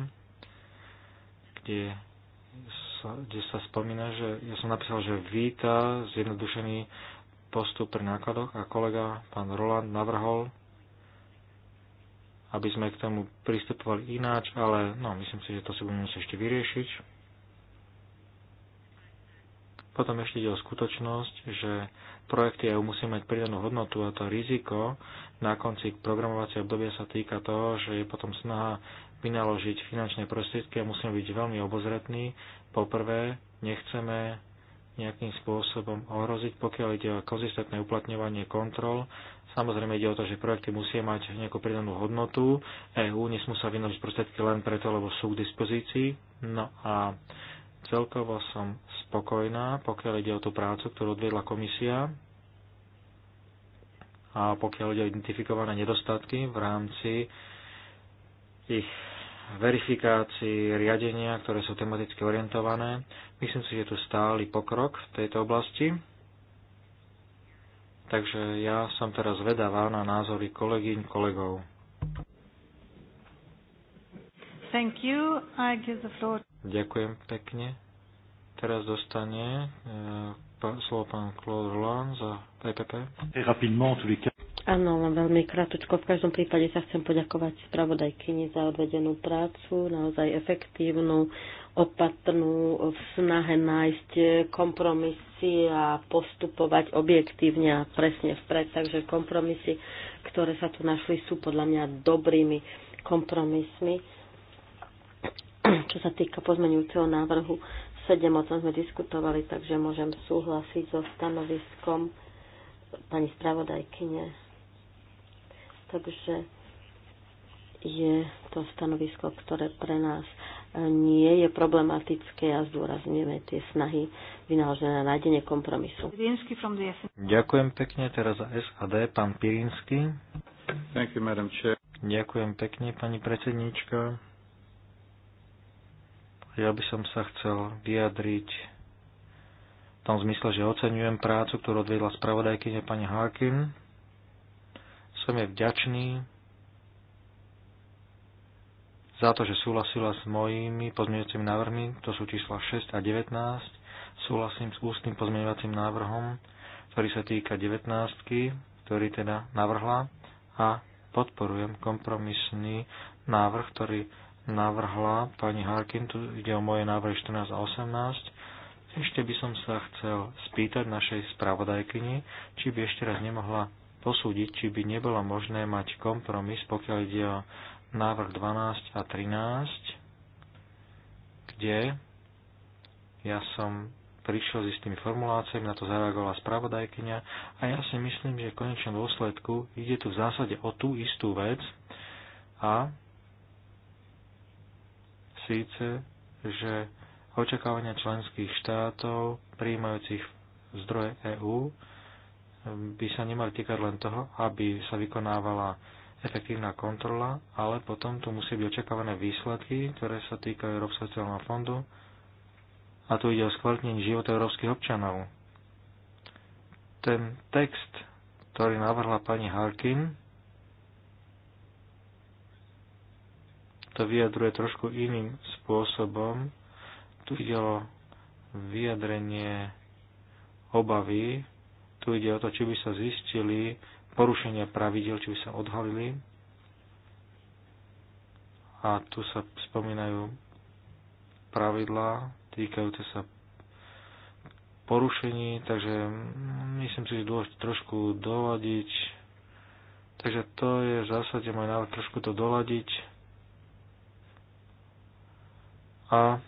kde sa, kde sa spomína, že ja som napísal, že víta zjednodušený postup pri nákladoch a kolega pán Roland navrhol, aby sme k tomu pristupovali ináč, ale no, myslím si, že to si budeme musieť ešte vyriešiť. Potom ešte ide o skutočnosť, že projekty EU musí mať pridanú hodnotu a to riziko na konci programovacieho obdobia sa týka toho, že je potom snaha vynaložiť finančné prostriedky a musíme byť veľmi obozretní. Poprvé, nechceme nejakým spôsobom ohroziť, pokiaľ ide o konzistentné uplatňovanie kontrol. Samozrejme ide o to, že projekty musia mať nejakú pridanú hodnotu. EÚ nesmú sa vynožiť prostriedky len preto, lebo sú k dispozícii. No a celkovo som spokojná, pokiaľ ide o tú prácu, ktorú odviedla komisia a pokiaľ ide o identifikované nedostatky v rámci ich verifikácii riadenia, ktoré sú tematicky orientované. Myslím si, že je tu stály pokrok v tejto oblasti. Takže ja som teraz vedavá na názory kolegyň, kolegov. Thank you. I give the floor. Ďakujem pekne. Teraz dostane e, slovo pán Claude Roland za PPP. E Áno, len veľmi krátko. V každom prípade sa chcem poďakovať spravodajkyni za odvedenú prácu, naozaj efektívnu, opatrnú v snahe nájsť kompromisy a postupovať objektívne a presne vpred. Takže kompromisy, ktoré sa tu našli, sú podľa mňa dobrými kompromismi. Čo sa týka pozmenujúceho návrhu 7, o tom sme diskutovali, takže môžem súhlasiť so stanoviskom pani spravodajkyne Takže je to stanovisko, ktoré pre nás eh, nie je problematické a zdôrazňujeme tie snahy vynaložené na nájdenie kompromisu. Ďakujem pekne teraz za SAD, pán Pirinsky. Thank you, Madam Chair. Ďakujem pekne, pani predsedníčka. Ja by som sa chcel vyjadriť v tom zmysle, že oceňujem prácu, ktorú odvedla spravodajkyňa pani Hakim. Som jej vďačný za to, že súhlasila s mojimi pozmeňujúcimi návrhmi, to sú čísla 6 a 19. Súhlasím s ústnym pozmeňovacím návrhom, ktorý sa týka 19, ktorý teda navrhla a podporujem kompromisný návrh, ktorý navrhla pani Harkin, tu ide o moje návrhy 14 a 18. Ešte by som sa chcel spýtať našej spravodajkyni, či by ešte raz nemohla posúdiť, či by nebolo možné mať kompromis, pokiaľ ide o návrh 12 a 13, kde ja som prišiel s istými formuláciami, na to zareagovala spravodajkyňa a ja si myslím, že v konečnom dôsledku ide tu v zásade o tú istú vec a síce, že očakávania členských štátov príjmajúcich zdroje EÚ by sa nemali týkať len toho, aby sa vykonávala efektívna kontrola, ale potom tu musí byť očakávané výsledky, ktoré sa týkajú Európskeho sociálneho fondu a tu ide o skvalitnenie života európskych občanov. Ten text, ktorý navrhla pani Harkin, to vyjadruje trošku iným spôsobom. Tu ide o vyjadrenie obavy tu ide o to, či by sa zistili porušenia pravidel, či by sa odhalili. A tu sa spomínajú pravidlá týkajúce sa porušení, takže myslím si, že dôležité trošku doladiť. Takže to je v zásade môj návrh trošku to doladiť. A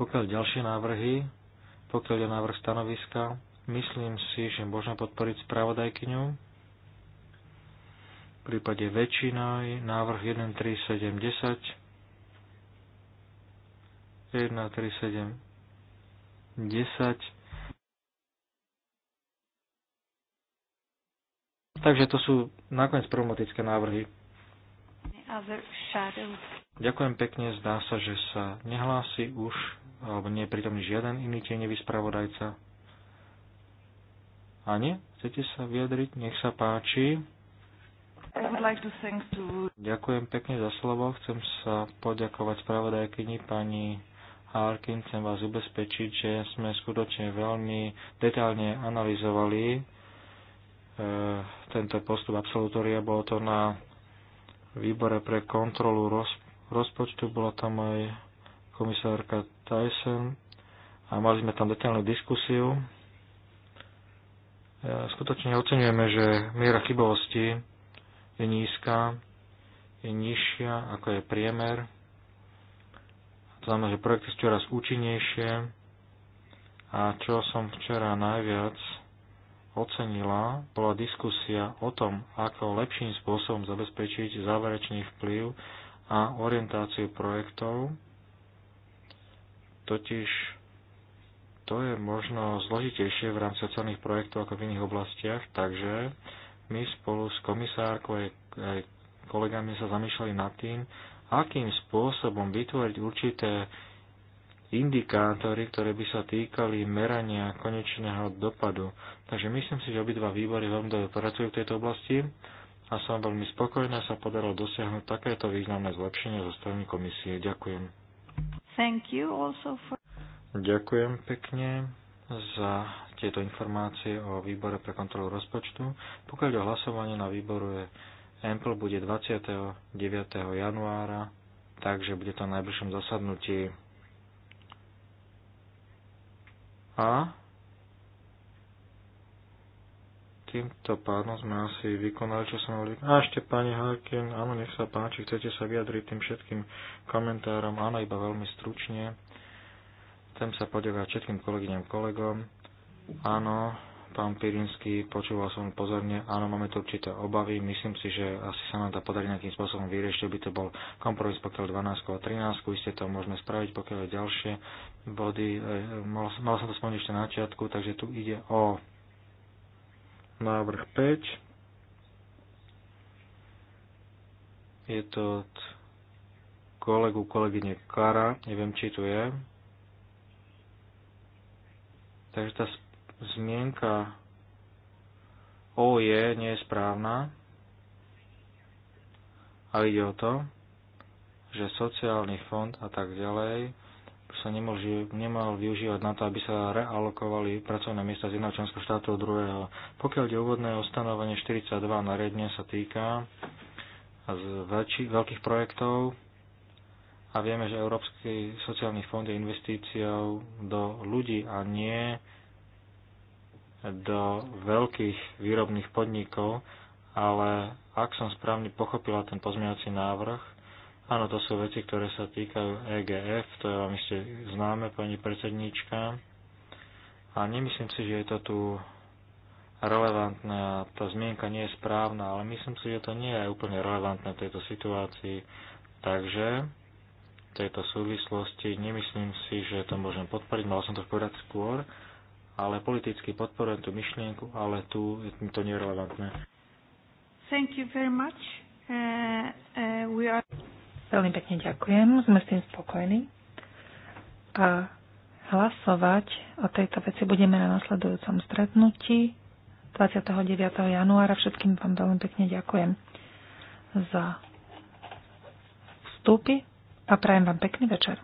pokiaľ ďalšie návrhy, pokiaľ je návrh stanoviska, Myslím si, že možno podporiť spravodajkyňu. V prípade väčšina je návrh 1, 3, 7, 10. 1, 3, 7, 10. Takže to sú nakoniec problematické návrhy. Ďakujem pekne, zdá sa, že sa nehlási už, alebo nie je prítomný žiaden iný tieňový spravodajca. Ani? Chcete sa vyjadriť? Nech sa páči. Like to to... Ďakujem pekne za slovo. Chcem sa poďakovať spravodajkyni pani Harkin. Chcem vás ubezpečiť, že sme skutočne veľmi detálne analyzovali e, tento postup absolutória. Bolo to na výbore pre kontrolu roz, rozpočtu. Bola tam aj komisárka Tyson a mali sme tam detailnú diskusiu skutočne ocenujeme, že miera chybovosti je nízka, je nižšia ako je priemer. To znamená, že projekty sú čoraz účinnejšie. A čo som včera najviac ocenila, bola diskusia o tom, ako lepším spôsobom zabezpečiť záverečný vplyv a orientáciu projektov, totiž to je možno zložitejšie v rámci sociálnych projektov ako v iných oblastiach, takže my spolu s komisárkou aj, aj kolegami sa zamýšľali nad tým, akým spôsobom vytvoriť určité indikátory, ktoré by sa týkali merania konečného dopadu. Takže myslím si, že obidva výbory veľmi dobre pracujú v tejto oblasti a som veľmi spokojná, sa podarilo dosiahnuť takéto významné zlepšenie zo strany komisie. Ďakujem. Thank you also for Ďakujem pekne za tieto informácie o výbore pre kontrolu rozpočtu. Pokiaľ o hlasovanie na výboru je EMPL bude 29. januára, takže bude to na najbližšom zasadnutí. A týmto pádom sme asi vykonali, čo som mali. A ešte pani Harkin, áno, nech sa páči, chcete sa vyjadriť tým všetkým komentárom, áno, iba veľmi stručne Chcem sa poďakovať všetkým kolegyňam kolegom. Áno, pán Pirinský, počúval som pozorne. Áno, máme tu určité obavy. Myslím si, že asi sa nám to podarí nejakým spôsobom vyriešiť, aby to bol kompromis pokiaľ 12 a 13. Isté to môžeme spraviť, pokiaľ je ďalšie body. E, mal, mal som to spomniť ešte na začiatku, takže tu ide o návrh 5. Je to od kolegu, kolegyne Kara, neviem, či tu je. Takže tá zmienka o je nie je správna a ide o to, že sociálny fond a tak ďalej by sa nemôže, nemal využívať na to, aby sa realokovali pracovné miesta z jedného členského štátu do druhého. Pokiaľ je úvodné ustanovenie 42 na sa týka z väčší, veľkých projektov, a vieme, že Európsky sociálny fond je investíciou do ľudí a nie do veľkých výrobných podnikov, ale ak som správne pochopila ten pozmeňovací návrh, áno, to sú veci, ktoré sa týkajú EGF, to je vám ešte známe, pani predsedníčka. A nemyslím si, že je to tu relevantné a tá zmienka nie je správna, ale myslím si, že to nie je úplne relevantné v tejto situácii. Takže tejto súvislosti. Nemyslím si, že to môžem podporiť, mal som to povedať skôr, ale politicky podporujem tú myšlienku, ale tu je to nerelevantné. Thank you very much. Uh, uh, we are... Veľmi pekne ďakujem, sme s tým spokojní. A hlasovať o tejto veci budeme na nasledujúcom stretnutí 29. januára. Všetkým vám veľmi pekne ďakujem za vstupy a prajem vám pekný večer.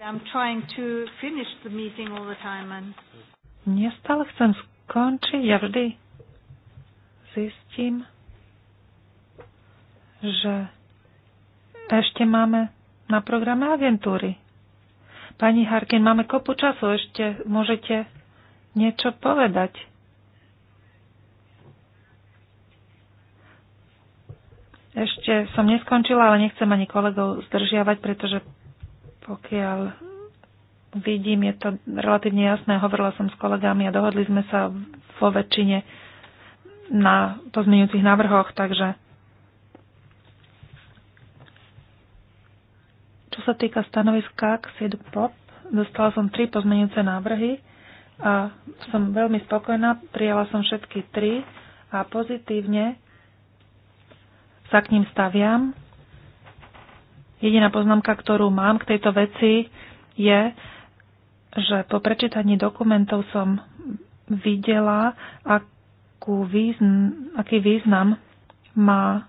I'm trying to finish the meeting all the time and Nestále chcem skončiť, ja vždy zistím, že ešte máme na programe agentúry. Pani Harkin, máme kopu času, ešte môžete niečo povedať. Ešte som neskončila, ale nechcem ani kolegov zdržiavať, pretože pokiaľ vidím, je to relatívne jasné. Hovorila som s kolegami a dohodli sme sa vo väčšine na pozmeňujúcich návrhoch, takže Čo sa týka stanoviska k POP, dostala som tri pozmenujúce návrhy a som veľmi spokojná. Prijala som všetky tri a pozitívne sa k ním staviam. Jediná poznámka, ktorú mám k tejto veci, je, že po prečítaní dokumentov som videla, akú význam, aký význam má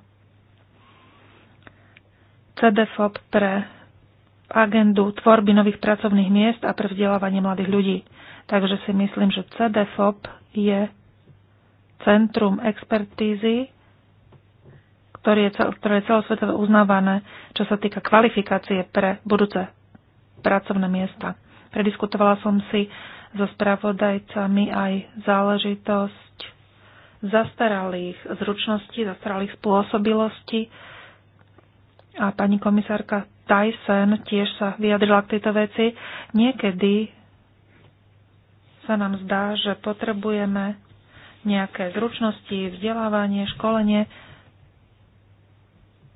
CDFOP pre agendu tvorby nových pracovných miest a pre vzdelávanie mladých ľudí. Takže si myslím, že CDFOP je centrum expertízy, ktoré je, ktoré je celosvetové uznávané, čo sa týka kvalifikácie pre budúce pracovné miesta. Prediskutovala som si so spravodajcami aj záležitosť zastaralých zručností, zastaralých spôsobilostí a pani komisárka Tyson tiež sa vyjadrila k tejto veci. Niekedy sa nám zdá, že potrebujeme nejaké zručnosti, vzdelávanie, školenie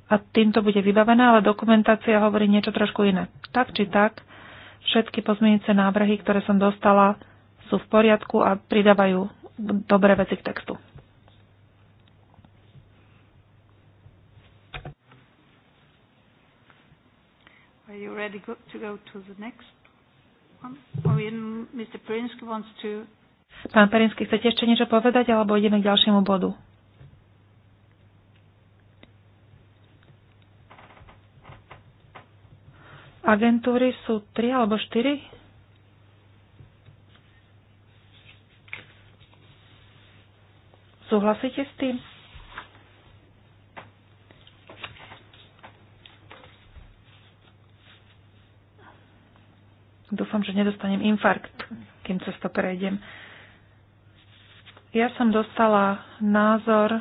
a týmto bude vybavená, ale dokumentácia hovorí niečo trošku iné. Tak či tak, všetky pozmienice návrhy, ktoré som dostala, sú v poriadku a pridávajú dobré veci k textu. Are you ready go to go to the next one? Or in, Mr. Perinsky wants to... Pán Perinsky, chcete ešte niečo povedať, alebo ideme k ďalšiemu bodu? Agentúry sú tri alebo štyri? Súhlasíte s tým? som, že nedostanem infarkt, kým cez to prejdem. Ja som dostala názor,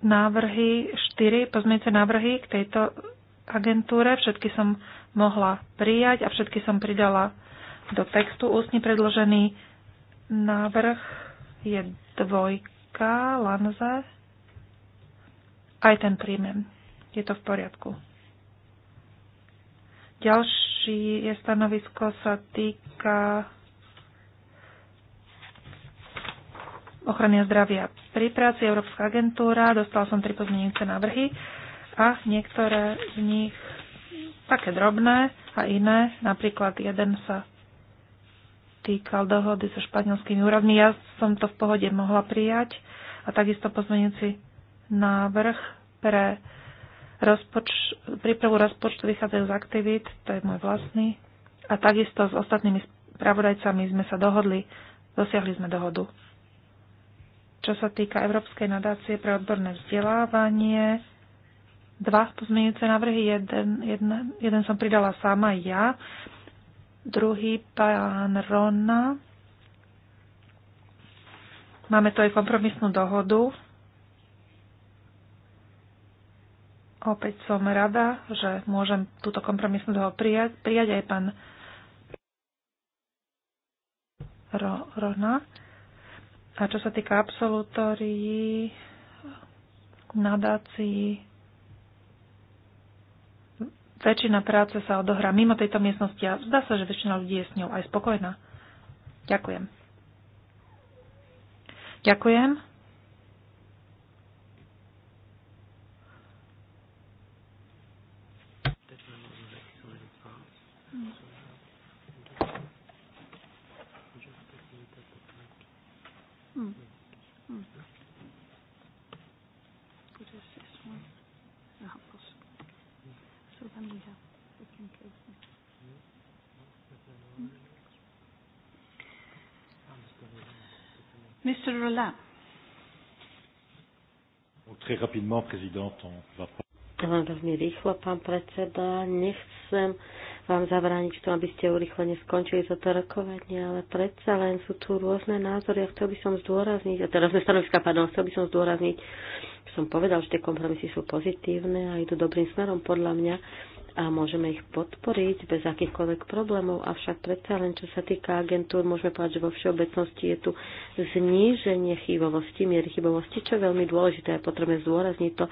návrhy, štyri pozmiece návrhy k tejto agentúre. Všetky som mohla prijať a všetky som pridala do textu. Ústne predložený návrh je dvojka, lanze. Aj ten príjmem. Je to v poriadku. Ďalší je stanovisko sa týka ochrany a zdravia pri práci Európska agentúra. Dostal som tri pozmeňujúce návrhy a niektoré z nich také drobné a iné. Napríklad jeden sa týkal dohody so španielskými úrovmi. Ja som to v pohode mohla prijať. A takisto pozmeňujúci návrh pre rozpoč- prípravu rozpočtu vychádzajú z aktivít, to je môj vlastný. A takisto s ostatnými spravodajcami sme sa dohodli, dosiahli sme dohodu. Čo sa týka Európskej nadácie pre odborné vzdelávanie, dva pozmeňujúce návrhy, jeden, jeden, jeden som pridala sama ja, druhý pán Rona. Máme tu aj kompromisnú dohodu, Opäť som rada, že môžem túto kompromisnú dohodu prijať, prijať aj pán Ro, Rona. A čo sa týka absolutórií, nadácií, väčšina práce sa odohrá mimo tejto miestnosti a zdá sa, že väčšina ľudí je s ňou aj spokojná. Ďakujem. Ďakujem. Mm. Mm. What is this one? The apples. So then we have we can close this. Mm. Mr. Roland. Donc, très rapidement, Présidente, on va. Veľmi rýchlo, pán predseda. Nechcem vám zabrániť v tom, aby ste urychlene skončili toto rokovanie, ale predsa len sú tu rôzne názory a chcel by som zdôrazniť, a teraz sme stanoviska, pardon, chcel by som zdôrazniť, som povedal, že tie kompromisy sú pozitívne a idú dobrým smerom podľa mňa, a môžeme ich podporiť bez akýchkoľvek problémov, avšak predsa len čo sa týka agentúr, môžeme povedať, že vo všeobecnosti je tu zníženie chybovosti, miery chybovosti, čo je veľmi dôležité a potrebujeme zdôrazniť to.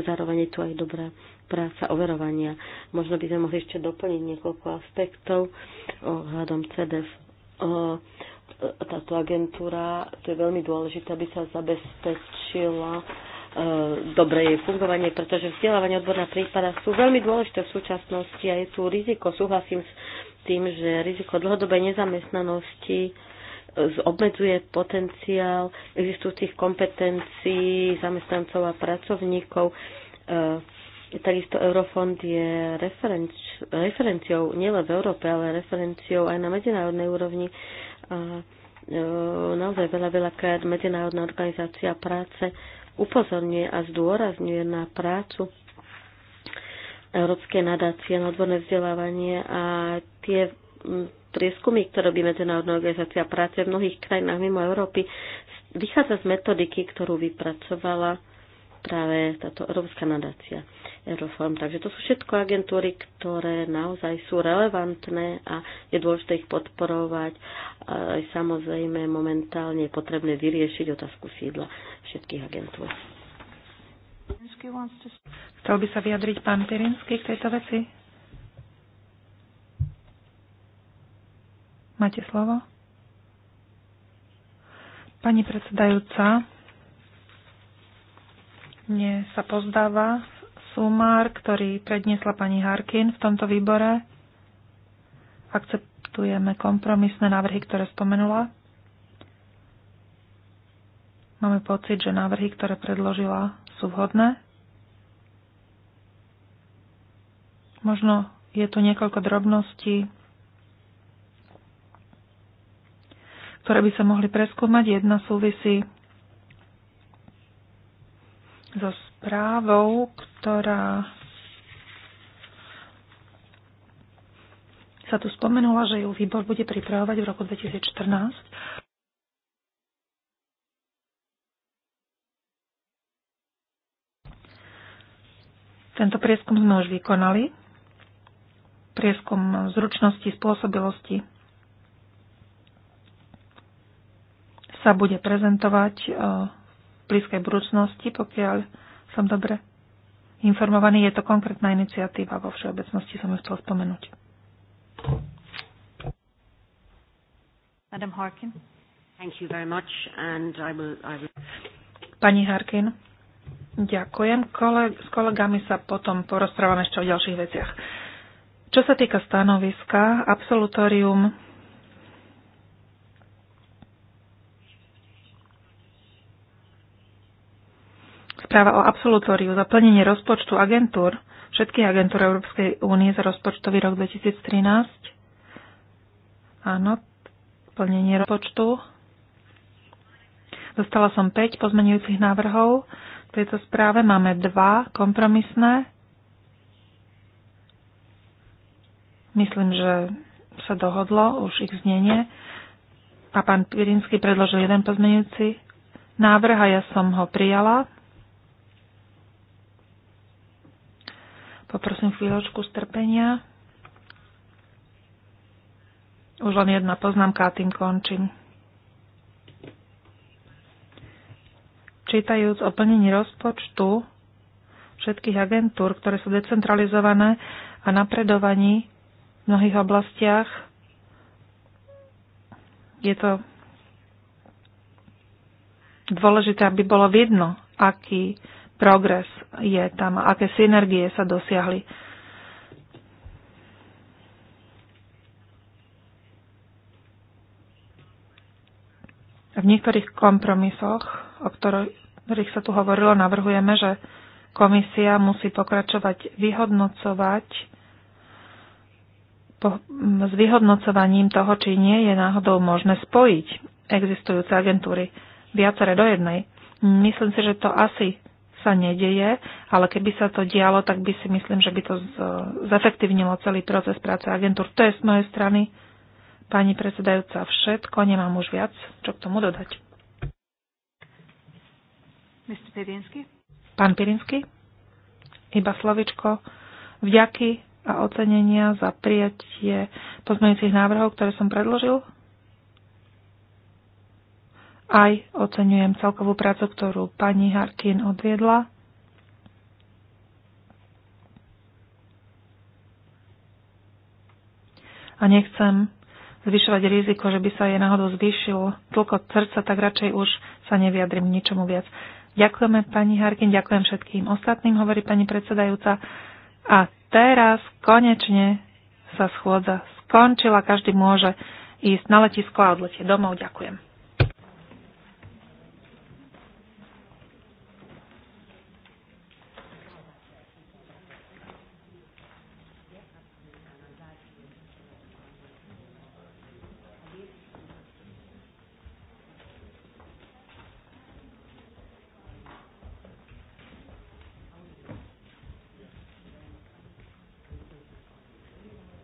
Zároveň je tu aj dobrá práca overovania. Možno by sme mohli ešte doplniť niekoľko aspektov ohľadom CDF. O, táto agentúra, to je veľmi dôležité, aby sa zabezpečila E, dobre jej fungovanie, pretože vzdelávanie odborná prípada sú veľmi dôležité v súčasnosti a je tu riziko, súhlasím s tým, že riziko dlhodobej nezamestnanosti e, obmedzuje potenciál existujúcich kompetencií zamestnancov a pracovníkov. E, takisto Eurofond je referenč, referenciou nielen v Európe, ale referenciou aj na medzinárodnej úrovni. naozaj veľa, krát Medzinárodná organizácia práce upozorňuje a zdôrazňuje na prácu Európskej nadácie na odborné vzdelávanie a tie prieskumy, ktoré robí Medzinárodná organizácia práce v mnohých krajinách mimo Európy, vychádza z metodiky, ktorú vypracovala práve táto Európska nadácia. Euroform. Takže to sú všetko agentúry, ktoré naozaj sú relevantné a je dôležité ich podporovať. Aj samozrejme momentálne je potrebné vyriešiť otázku sídla všetkých agentúr. Chcel by sa vyjadriť pán Pirinský k tejto veci? Máte slovo? Pani predsedajúca, mne sa pozdáva, sumár, ktorý predniesla pani Harkin v tomto výbore. Akceptujeme kompromisné návrhy, ktoré spomenula. Máme pocit, že návrhy, ktoré predložila, sú vhodné. Možno je tu niekoľko drobností, ktoré by sa mohli preskúmať. Jedna súvisí so správou, ktorá sa tu spomenula, že ju výbor bude pripravovať v roku 2014. Tento prieskum sme už vykonali. Prieskum zručnosti, spôsobilosti sa bude prezentovať eh, v blízkej budúcnosti, pokiaľ som dobre informovaní. Je to konkrétna iniciatíva, vo všeobecnosti som ju chcel spomenúť. Madam Harkin. Thank you very much and I will, I will... Pani Harkin, ďakujem. Kole, s kolegami sa potom porozprávame ešte o ďalších veciach. Čo sa týka stanoviska, absolutórium správa o absolutóriu za plnenie rozpočtu agentúr, všetkých agentúr Európskej únie za rozpočtový rok 2013. Áno, plnenie rozpočtu. Dostala som 5 pozmenujúcich návrhov. V tejto správe máme 2 kompromisné. Myslím, že sa dohodlo už ich znenie a pán Pirinsky predložil jeden pozmenujúci návrh a ja som ho prijala. Poprosím chvíľočku strpenia. Už len jedna poznámka a tým končím. Čítajúc o plnení rozpočtu všetkých agentúr, ktoré sú decentralizované a napredovaní v mnohých oblastiach, je to dôležité, aby bolo vidno, aký progres je tam, aké synergie sa dosiahli. V niektorých kompromisoch, o ktorých sa tu hovorilo, navrhujeme, že komisia musí pokračovať vyhodnocovať po, s vyhodnocovaním toho, či nie je náhodou možné spojiť existujúce agentúry viacere do jednej. Myslím si, že to asi sa nedeje, ale keby sa to dialo, tak by si myslím, že by to zefektívnilo celý proces práce agentúr. To je z mojej strany, pani predsedajúca, všetko. Nemám už viac, čo k tomu dodať. Mr. Pirinsky? Pán Pirinsky? Iba slovičko. Vďaky a ocenenia za prijatie pozmeňujúcich návrhov, ktoré som predložil. Aj oceňujem celkovú prácu, ktorú pani Harkin odviedla. A nechcem zvyšovať riziko, že by sa jej náhodou zvýšil tlko srdca, tak radšej už sa neviadrim ničomu viac. Ďakujeme pani Harkin, ďakujem všetkým ostatným, hovorí pani predsedajúca. A teraz konečne sa schôdza skončila, každý môže ísť na letisko a odletie domov. Ďakujem.